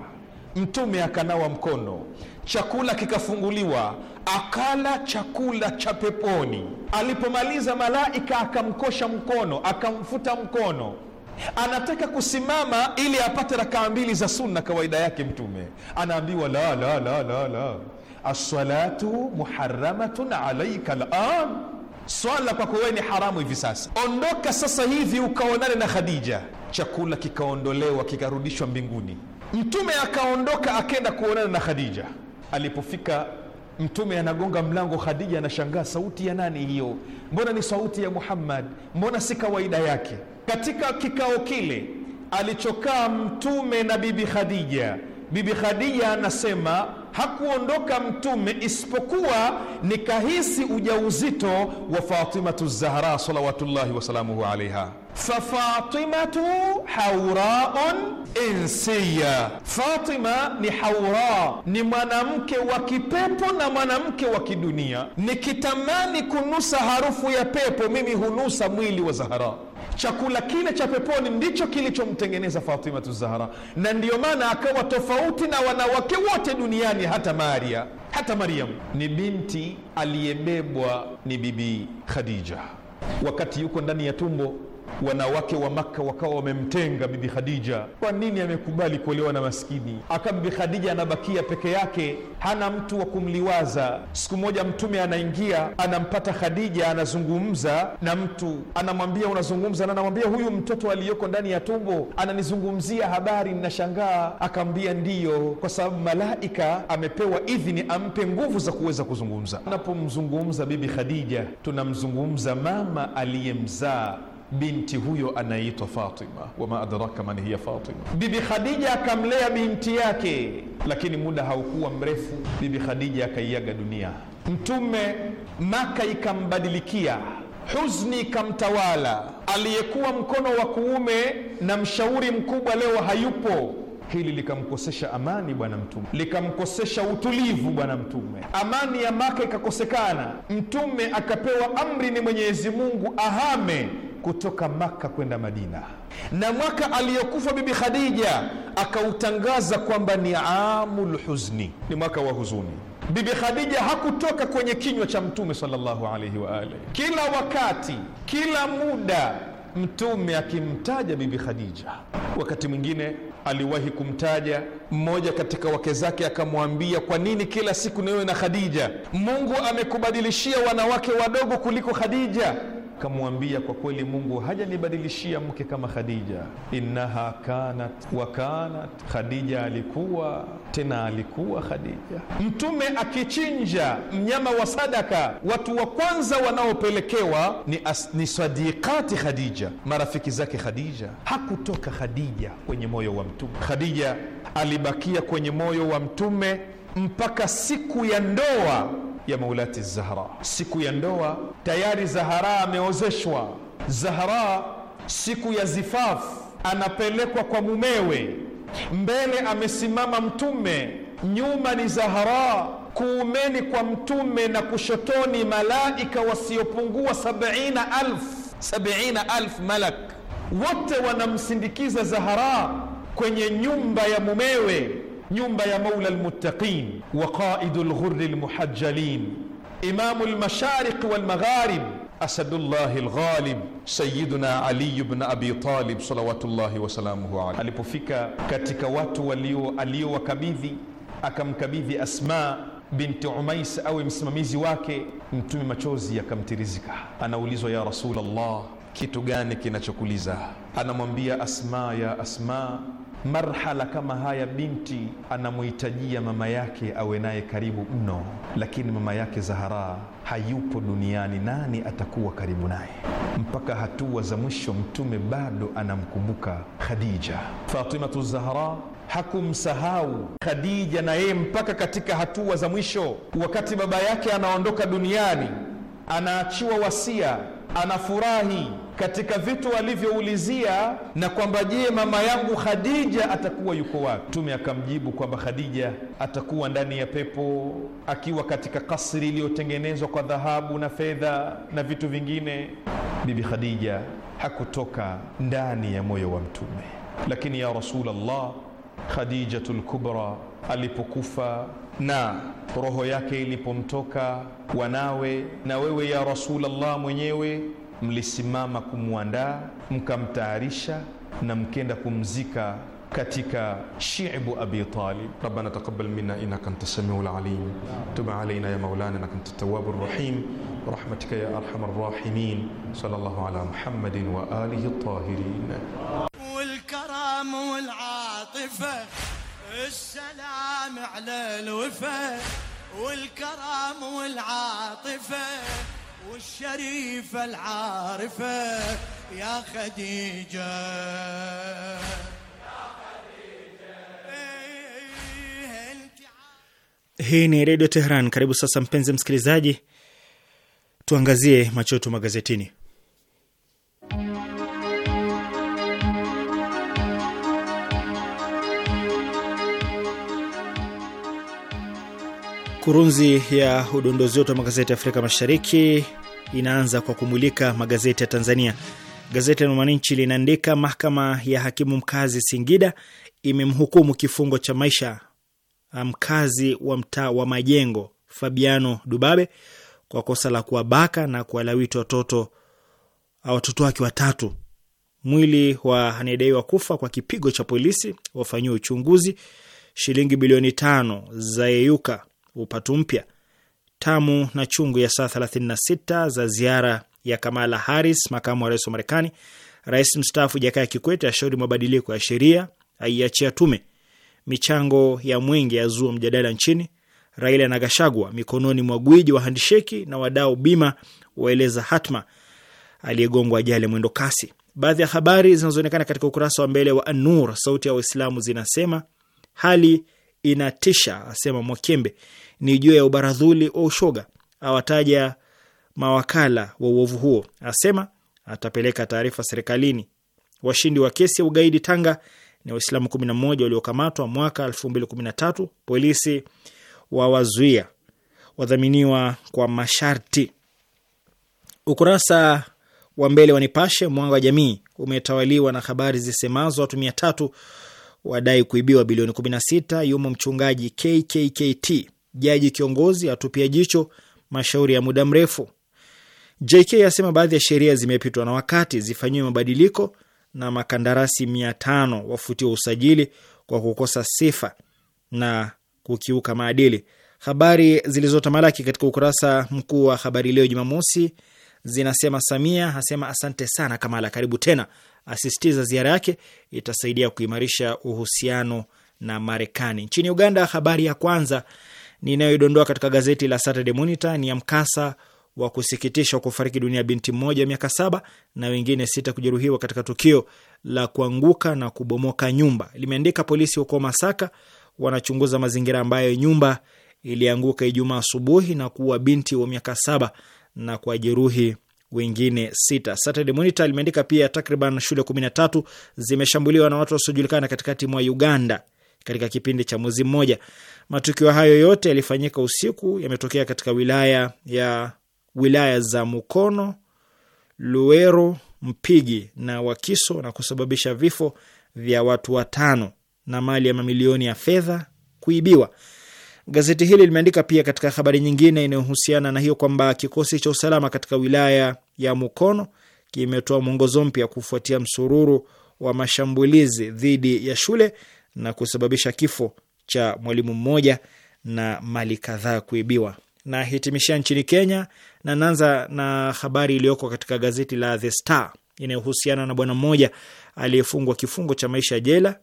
mtume akanawa mkono, chakula kikafunguliwa, akala chakula cha peponi. Alipomaliza malaika akamkosha mkono, akamfuta mkono anataka kusimama ili apate rakaa mbili za sunna kawaida yake. Mtume anaambiwa la, la, la, la, la, assalatu muharamatun alaika lan, swala kwako wewe ni haramu hivi sasa, ondoka sasa hivi ukaonane na Khadija. Chakula kikaondolewa kikarudishwa mbinguni. Mtume akaondoka akenda kuonana na Khadija. Alipofika Mtume anagonga mlango, Khadija anashangaa, sauti ya nani hiyo? Mbona ni sauti ya Muhammad? Mbona si kawaida yake? Katika kikao kile alichokaa Mtume na Bibi Khadija Bibi Khadija anasema hakuondoka Mtume isipokuwa nikahisi ujauzito wa Fatimatu Zahra salawatullahi wasalamuhu alaiha. Fafatimatu hauraun insiya, Fatima ni haura, ni mwanamke wa kipepo na mwanamke wa kidunia. Nikitamani kunusa harufu ya pepo, mimi hunusa mwili wa zahra chakula kile cha peponi ndicho kilichomtengeneza Fatimatu Zahra, na ndiyo maana akawa tofauti na wanawake wote duniani, hata Maria, hata Maryam ni binti aliyebebwa ni Bibi Khadija wakati yuko ndani ya tumbo wanawake wa Maka wakawa wamemtenga Bibi Khadija. Kwa nini amekubali kuolewa na maskini? Aka Bibi Khadija anabakia peke yake, hana mtu wa kumliwaza. Siku moja Mtume anaingia anampata Khadija anazungumza na mtu, anamwambia unazungumza na, anamwambia huyu mtoto aliyoko ndani ya tumbo ananizungumzia habari, ninashangaa. akaambia ndiyo, kwa sababu malaika amepewa idhini ampe nguvu za kuweza kuzungumza. Anapomzungumza Bibi Khadija, tunamzungumza mama aliyemzaa binti huyo anaitwa Fatima, wama adraka man hiya Fatima. Bibi Khadija akamlea binti yake, lakini muda haukuwa mrefu, Bibi Khadija akaiaga dunia. Mtume Maka ikambadilikia huzni ikamtawala. Aliyekuwa mkono wa kuume na mshauri mkubwa leo hayupo. Hili likamkosesha amani Bwana Mtume, likamkosesha utulivu Bwana Mtume. Amani ya Maka ikakosekana. Mtume akapewa amri ni Mwenyezi Mungu ahame kutoka maka kwenda Madina, na mwaka aliyokufa Bibi Khadija akautangaza kwamba ni amu lhuzni ni mwaka wa huzuni. Bibi Khadija hakutoka kwenye kinywa cha Mtume sallallahu alaihi wa Kila wakati, kila muda Mtume akimtaja Bibi Khadija. Wakati mwingine aliwahi kumtaja mmoja katika wake zake, akamwambia kwa nini kila siku niwe na Khadija? Mungu amekubadilishia wanawake wadogo kuliko Khadija kamwambia, kwa kweli Mungu hajanibadilishia mke kama Khadija. Innaha kanat wa kanat, Khadija alikuwa tena alikuwa Khadija. Mtume akichinja mnyama wa sadaka, watu wa kwanza wanaopelekewa ni, ni sadiqati Khadija, marafiki zake Khadija. Hakutoka Khadija kwenye moyo wa Mtume, Khadija alibakia kwenye moyo wa Mtume mpaka siku ya ndoa ya maulati Zahra, siku ya ndoa. Tayari Zahara ameozeshwa. Zahara siku ya zifafu anapelekwa kwa mumewe. Mbele amesimama Mtume, nyuma ni Zahara. Kuumeni kwa Mtume na kushotoni malaika wasiopungua sabiina alf, sabiina alf malak, wote wanamsindikiza Zahara kwenye nyumba ya mumewe nyumba ya maula lmuttaqin wa qaidu lghurri lmuhajjalin imamu lmashariqi walmagharib asadullahi lghalib sayiduna aliyu bn abi talib salawatullahi wasalamuhu alaihi alipofika katika watu aliyowakabidhi akamkabidhi asma binti umais awe msimamizi wake mtume machozi yakamtirizika anaulizwa ya rasul llah kitu gani kinachokuliza anamwambia asma ya asma marhala kama haya, binti anamuhitajia mama yake awe naye karibu mno, lakini mama yake Zahara hayupo duniani, nani atakuwa karibu naye? Mpaka hatua za mwisho Mtume bado anamkumbuka Khadija. Fatimatu Zahra hakumsahau Khadija na yeye mpaka katika hatua za mwisho, wakati baba yake anaondoka duniani, anaachiwa wasia, anafurahi katika vitu walivyoulizia na kwamba je, mama yangu Khadija atakuwa yuko wapi? Mtume akamjibu kwamba Khadija atakuwa ndani ya pepo akiwa katika kasri iliyotengenezwa kwa dhahabu na fedha na vitu vingine. Bibi Khadija hakutoka ndani ya moyo wa Mtume. Lakini ya Rasulullah, Khadijatul lkubra alipokufa na roho yake ilipomtoka wanawe na wewe ya Rasulullah mwenyewe mlisimama kumwandaa mkamtayarisha na mkenda kumzika katika Shiibu abi talib rabbana taqabbal minna innaka antas samiul alim tub alaina ya maulana innaka antat tawwabur rahim rahmatika ya arhamar rahimin sallallahu ala muhammadin wa alihi tahirin
wal karam والكرم
والعاطفه السلام على الوفا والكرم والعاطفه والشريفة العارفة
يا خديجة
Hii ni Redio Tehran. Karibu sasa, mpenzi msikilizaji, tuangazie machoto magazetini. Kurunzi ya udondozi wetu wa magazeti ya Afrika Mashariki inaanza kwa kumulika magazeti ya Tanzania. Gazeti la Mwananchi linaandika mahakama ya hakimu mkazi Singida imemhukumu kifungo cha maisha mkazi wa mtaa wa Majengo Fabiano Dubabe kwa kosa la kuwabaka na kuwalawiti watoto watoto wake watatu. Mwili wa anayedaiwa kufa kwa kipigo cha polisi wafanyiwa uchunguzi. Shilingi bilioni tano za yeyuka upatu mpya. Tamu na chungu ya saa 36 za ziara ya Kamala Harris, makamu wa rais wa Marekani. Rais mstaafu Jakaya Kikwete ashauri mabadiliko ya sheria, aiachia tume. Michango ya Mwenge yazua mjadala nchini. Raila na Gashagwa mikononi mwa gwiji wa handisheki, na wadau bima waeleza hatma aliyegongwa ajali ya mwendo kasi. Baadhi ya habari zinazoonekana katika ukurasa wa mbele wa Anur, sauti ya Waislamu zinasema hali inatisha, asema Mwakembe ni juu ya ubaradhuli wa ushoga. Awataja mawakala wa uovu huo, asema atapeleka taarifa serikalini. Washindi wa kesi ya ugaidi Tanga ni Waislamu 11 waliokamatwa mwaka 2013. Polisi wawazuia wadhaminiwa kwa masharti. Ukurasa wa mbele wa Nipashe Mwanga wa Jamii umetawaliwa na habari zisemazo watu mia tatu wadai kuibiwa bilioni 16, yumo mchungaji KKKT jaji kiongozi atupia jicho mashauri ya muda mrefu. JK asema baadhi ya sheria zimepitwa na wakati, zifanyiwe mabadiliko na makandarasi mia tano wafutiwa usajili kwa kukosa sifa na kukiuka maadili. Habari zilizotamalaki katika ukurasa mkuu wa Habari Leo Jumamosi zinasema Samia asema asante sana Kamala, karibu tena, asisitiza ziara yake itasaidia kuimarisha uhusiano na Marekani. Nchini Uganda, habari ya kwanza ninayodondoa katika gazeti la Saturday Monitor ni ya mkasa wa kusikitisha kufariki dunia binti mmoja miaka saba na wengine sita kujeruhiwa katika tukio la kuanguka na kubomoka nyumba. Limeandika polisi huko Masaka wanachunguza mazingira ambayo nyumba ilianguka Ijumaa asubuhi na kuua binti wa miaka saba na kuwajeruhi wengine sita. Saturday Monitor limeandika pia takriban shule kumi na tatu zimeshambuliwa na watu wasiojulikana katikati mwa Uganda katika kipindi cha mwezi mmoja. Matukio hayo yote yalifanyika usiku, yametokea katika wilaya ya wilaya za Mukono, Luero, Mpigi na Wakiso na kusababisha vifo vya watu watano na mali ya mamilioni ya fedha kuibiwa. Gazeti hili limeandika pia katika habari nyingine inayohusiana na hiyo kwamba kikosi cha usalama katika wilaya ya Mukono kimetoa mwongozo mpya kufuatia msururu wa mashambulizi dhidi ya shule na kusababisha kifo cha mwalimu mmoja na mali kadhaa kuibiwa. Na hitimishia nchini Kenya na naanza na habari iliyoko katika gazeti la The Star inayohusiana na bwana mmoja aliyefungwa kifungo cha maisha jela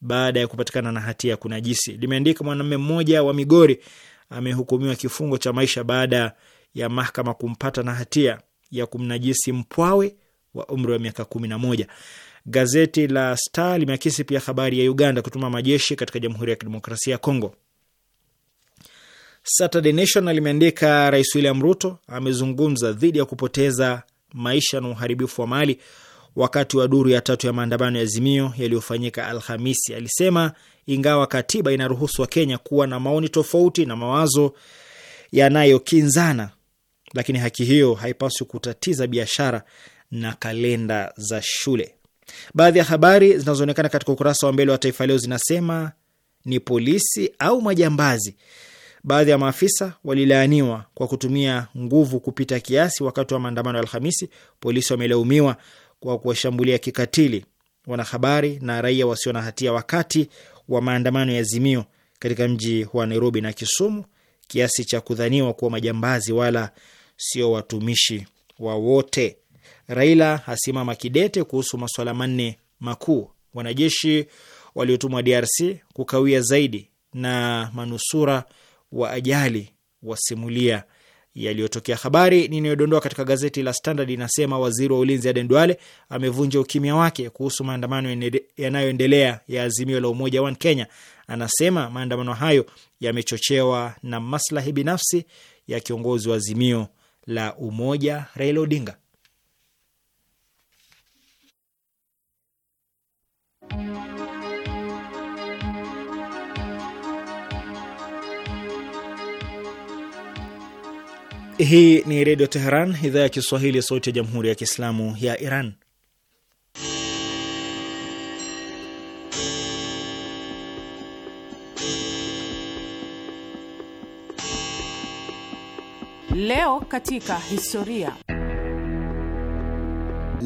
baada ya kupatikana na hatia ya kunajisi. Limeandika mwanamume mmoja wa Migori amehukumiwa kifungo cha maisha baada ya mahakama kumpata na hatia ya kumnajisi mpwawe wa umri wa miaka kumi na moja. Gazeti la Star limeakisi pia habari ya Uganda kutuma majeshi katika Jamhuri ya Kidemokrasia ya Kongo. Saturday Nation limeandika, Rais William Ruto amezungumza dhidi ya kupoteza maisha na uharibifu wa mali wakati wa duru ya tatu ya maandamano ya Azimio yaliyofanyika Alhamisi. Alisema ingawa katiba inaruhusu Wakenya kuwa na maoni tofauti na mawazo yanayokinzana, lakini haki hiyo haipaswi kutatiza biashara na kalenda za shule. Baadhi ya habari zinazoonekana katika ukurasa wa mbele wa Taifa Leo zinasema ni polisi au majambazi. Baadhi ya maafisa walilaaniwa kwa kutumia nguvu kupita kiasi wakati wa maandamano ya Alhamisi. Polisi wamelaumiwa kwa kuwashambulia kikatili wanahabari na raia wasio na hatia wakati wa maandamano ya Azimio katika mji wa Nairobi na Kisumu, kiasi cha kudhaniwa kuwa majambazi wala sio watumishi wawote. Raila asimama kidete kuhusu masuala manne makuu: wanajeshi waliotumwa DRC kukawia zaidi, na manusura wa ajali wasimulia yaliyotokea. Habari ninayodondoa katika gazeti la Standard inasema waziri wa ulinzi Aden Duale amevunja ukimya wake kuhusu maandamano yanayoendelea ya Azimio la Umoja One Kenya. Anasema maandamano hayo yamechochewa na maslahi binafsi ya kiongozi wa Azimio la Umoja Raila Odinga. Hii ni Redio Teheran, idhaa ya Kiswahili sauti ya Jamhuri ya Kiislamu ya Iran.
Leo katika historia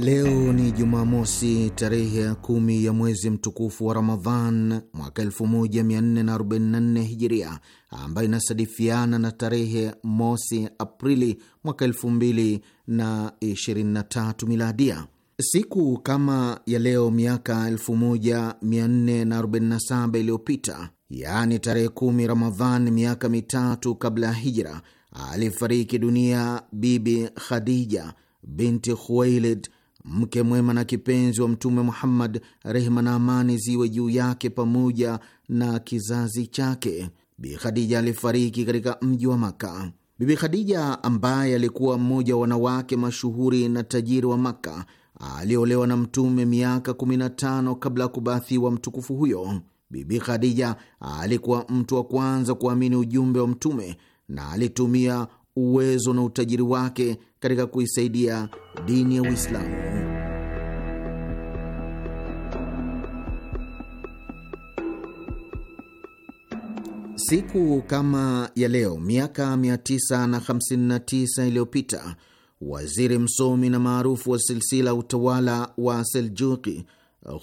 Leo eh. ni Jumamosi, tarehe ya kumi ya mwezi mtukufu wa Ramadhan mwaka 1444 Hijiria, ambayo inasadifiana na tarehe mosi Aprili mwaka 2023 Miladia. Siku kama ya leo miaka 1447 iliyopita, yaani tarehe kumi Ramadhan, miaka mitatu kabla ya Hijra, alifariki dunia Bibi Khadija binti Khuwailid mke mwema na kipenzi wa Mtume Muhammad, rehma na amani ziwe juu yake pamoja na kizazi chake. Bi Khadija alifariki katika mji wa Maka. Bibi Khadija ambaye alikuwa mmoja wa wanawake mashuhuri na tajiri wa makka aliolewa na Mtume miaka 15 kabla ya kubathiwa mtukufu huyo. Bibi Khadija alikuwa mtu wa kwanza kuamini ujumbe wa Mtume na alitumia uwezo na utajiri wake katika kuisaidia dini ya Uislamu. Siku kama ya leo miaka 959 iliyopita waziri msomi na maarufu wa silsila utawala wa Seljuki,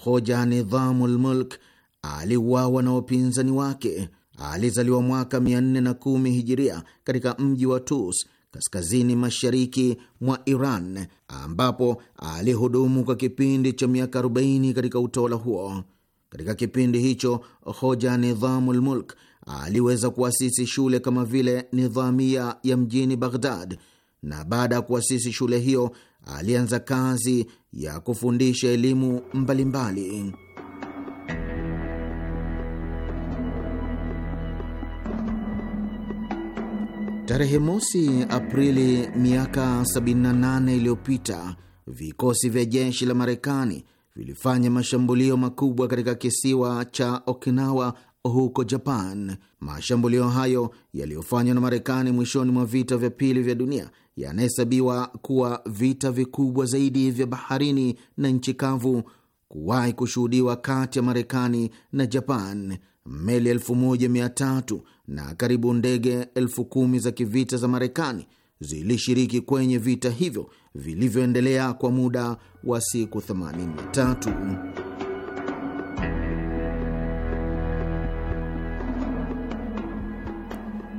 hoja Nidhamul Mulk, aliuawa na wapinzani wake. Alizaliwa mwaka 410 hijiria katika mji wa Tus kaskazini mashariki mwa Iran, ambapo alihudumu kwa kipindi cha miaka 40 katika utawala huo. Katika kipindi hicho, hoja Nidhamul Mulk aliweza kuasisi shule kama vile Nidhamia ya mjini Baghdad, na baada ya kuasisi shule hiyo alianza kazi ya kufundisha elimu mbalimbali mbali. Tarehe mosi Aprili miaka 78 iliyopita vikosi vya jeshi la Marekani vilifanya mashambulio makubwa katika kisiwa cha Okinawa huko Japan. Mashambulio hayo yaliyofanywa na Marekani mwishoni mwa vita vya pili vya dunia yanahesabiwa kuwa vita vikubwa zaidi vya baharini na nchi kavu kuwahi kushuhudiwa kati ya Marekani na Japan. Meli elfu moja mia tatu na karibu ndege elfu kumi za kivita za Marekani zilishiriki kwenye vita hivyo vilivyoendelea kwa muda wa siku 83.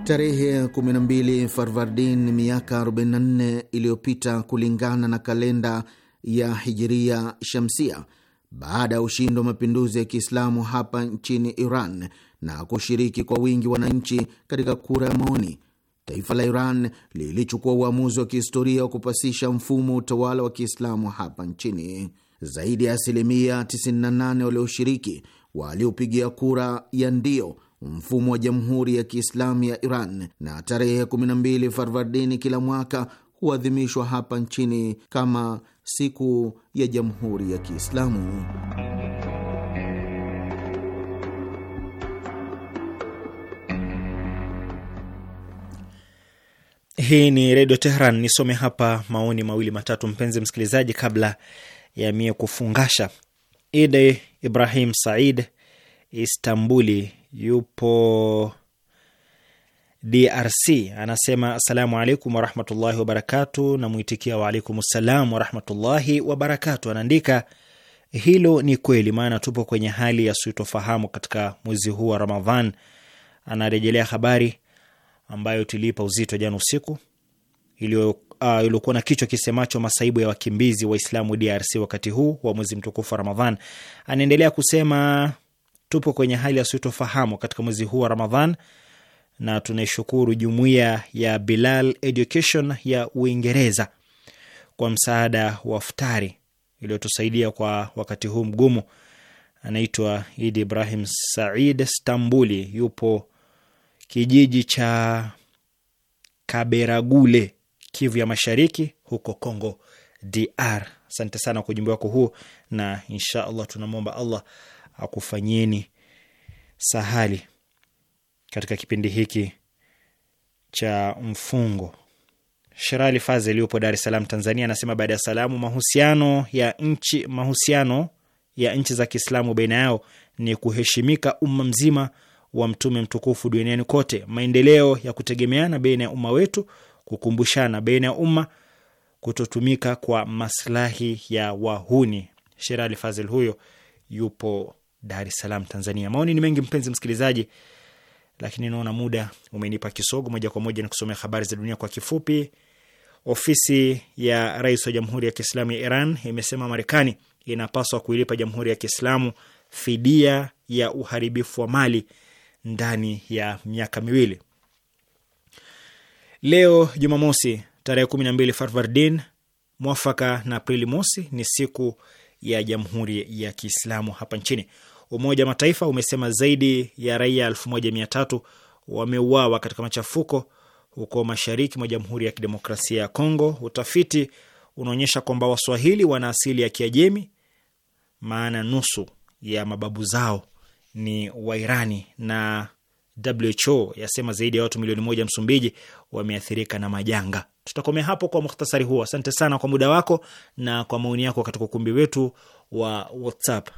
Tarehe 12 Farvardin miaka 44 iliyopita kulingana na kalenda ya Hijiria Shamsia, baada ya ushindi wa mapinduzi ya Kiislamu hapa nchini Iran, na kushiriki kwa wingi wananchi katika kura ya maoni, taifa la Iran lilichukua uamuzi wa kihistoria wa kupasisha mfumo wa utawala wa Kiislamu hapa nchini. Zaidi ya asilimia 98 walioshiriki waliopigia kura ya ndio mfumo wa Jamhuri ya Kiislamu ya Iran, na tarehe 12 Farvardini kila mwaka huadhimishwa hapa nchini kama siku ya Jamhuri ya Kiislamu.
Hii ni Redio Tehran. Nisome hapa maoni mawili matatu, mpenzi msikilizaji, kabla ya mie kufungasha. Ide Ibrahim Said Istambuli yupo DRC anasema asalamu alaikum warahmatullahi wabarakatu. Namwitikia waalaikum salam warahmatullahi wabarakatu. Anaandika, hilo ni kweli, maana tupo kwenye hali ya sitofahamu katika mwezi huu wa Ramadhan. Anarejelea habari ambayo tuliipa uzito jana usiku ah, iliyokuwa uh, na kichwa kisemacho masaibu ya wakimbizi Waislamu DRC wakati huu wa mwezi mtukufu wa Ramadhan. Anaendelea kusema tupo kwenye hali ya sitofahamu katika mwezi huu wa Ramadhan na tunaishukuru jumuiya ya Bilal Education ya Uingereza kwa msaada wa futari iliyotusaidia kwa wakati huu mgumu. Anaitwa Idi Ibrahim Said Stambuli, yupo kijiji cha Kaberagule, Kivu ya Mashariki, huko Congo DR. Asante sana kwa ujumbe wako huo, na insha Allah tunamwomba Allah akufanyieni sahali katika kipindi hiki cha mfungo. Sherali Fazel yupo Dar es Salaam, Tanzania, anasema baada ya salamu, mahusiano ya nchi mahusiano ya nchi za Kiislamu baina yao ni kuheshimika umma mzima wa mtume mtukufu duniani kote, maendeleo ya kutegemeana baina ya umma wetu, kukumbushana baina ya umma, kutotumika kwa maslahi ya wahuni. Sherali Fazil huyo yupo Dar es Salaam, Tanzania. Maoni ni mengi mpenzi msikilizaji, lakini naona muda umenipa kisogo. Moja kwa moja ni kusomea habari za dunia kwa kifupi. Ofisi ya rais wa Jamhuri ya Kiislamu ya Iran imesema Marekani inapaswa kuilipa Jamhuri ya Kiislamu fidia ya uharibifu wa mali ndani ya miaka miwili. Leo Jumamosi tarehe mbili Farvardin mwafaka na Aprili mosi ni siku ya Jamhuri ya Kiislamu hapa nchini. Umoja wa Mataifa umesema zaidi ya raia elfu moja mia tatu wameuawa katika machafuko huko mashariki mwa Jamhuri ya Kidemokrasia ya Kongo. Utafiti unaonyesha kwamba Waswahili wana asili ya Kiajemi, maana nusu ya mababu zao ni Wairani na WHO yasema zaidi ya watu milioni moja Msumbiji wameathirika na majanga. Tutakomea hapo kwa muhtasari huo. Asante sana kwa muda wako na kwa maoni yako katika ukumbi wetu wa WhatsApp.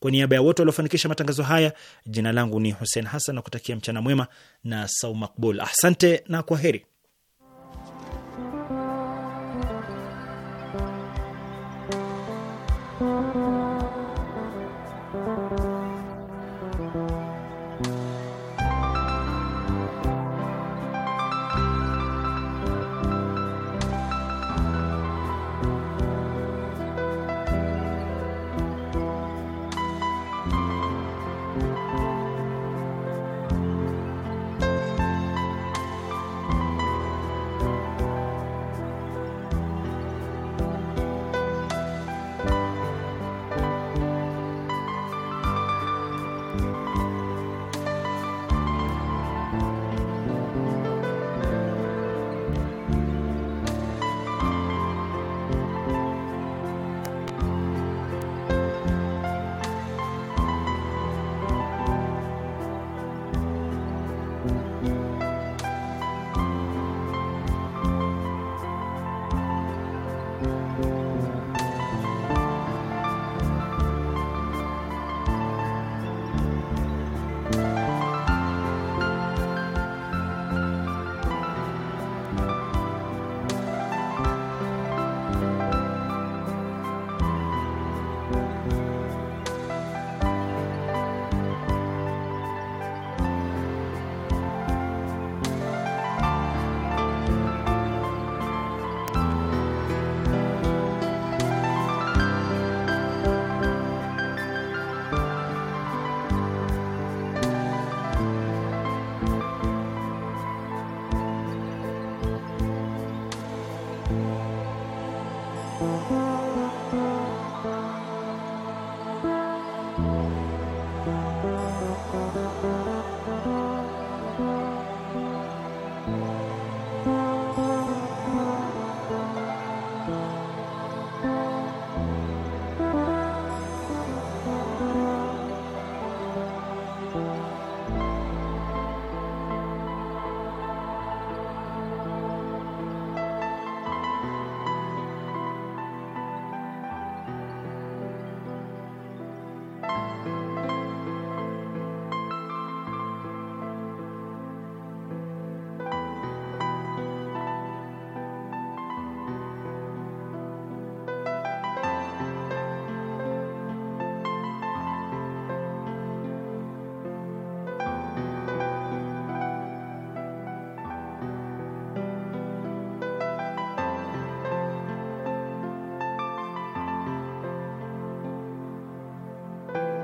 Kwa niaba ya wote waliofanikisha matangazo haya, jina langu ni Hussein Hassan na kutakia mchana mwema na sau makbul. Asante na kwa heri.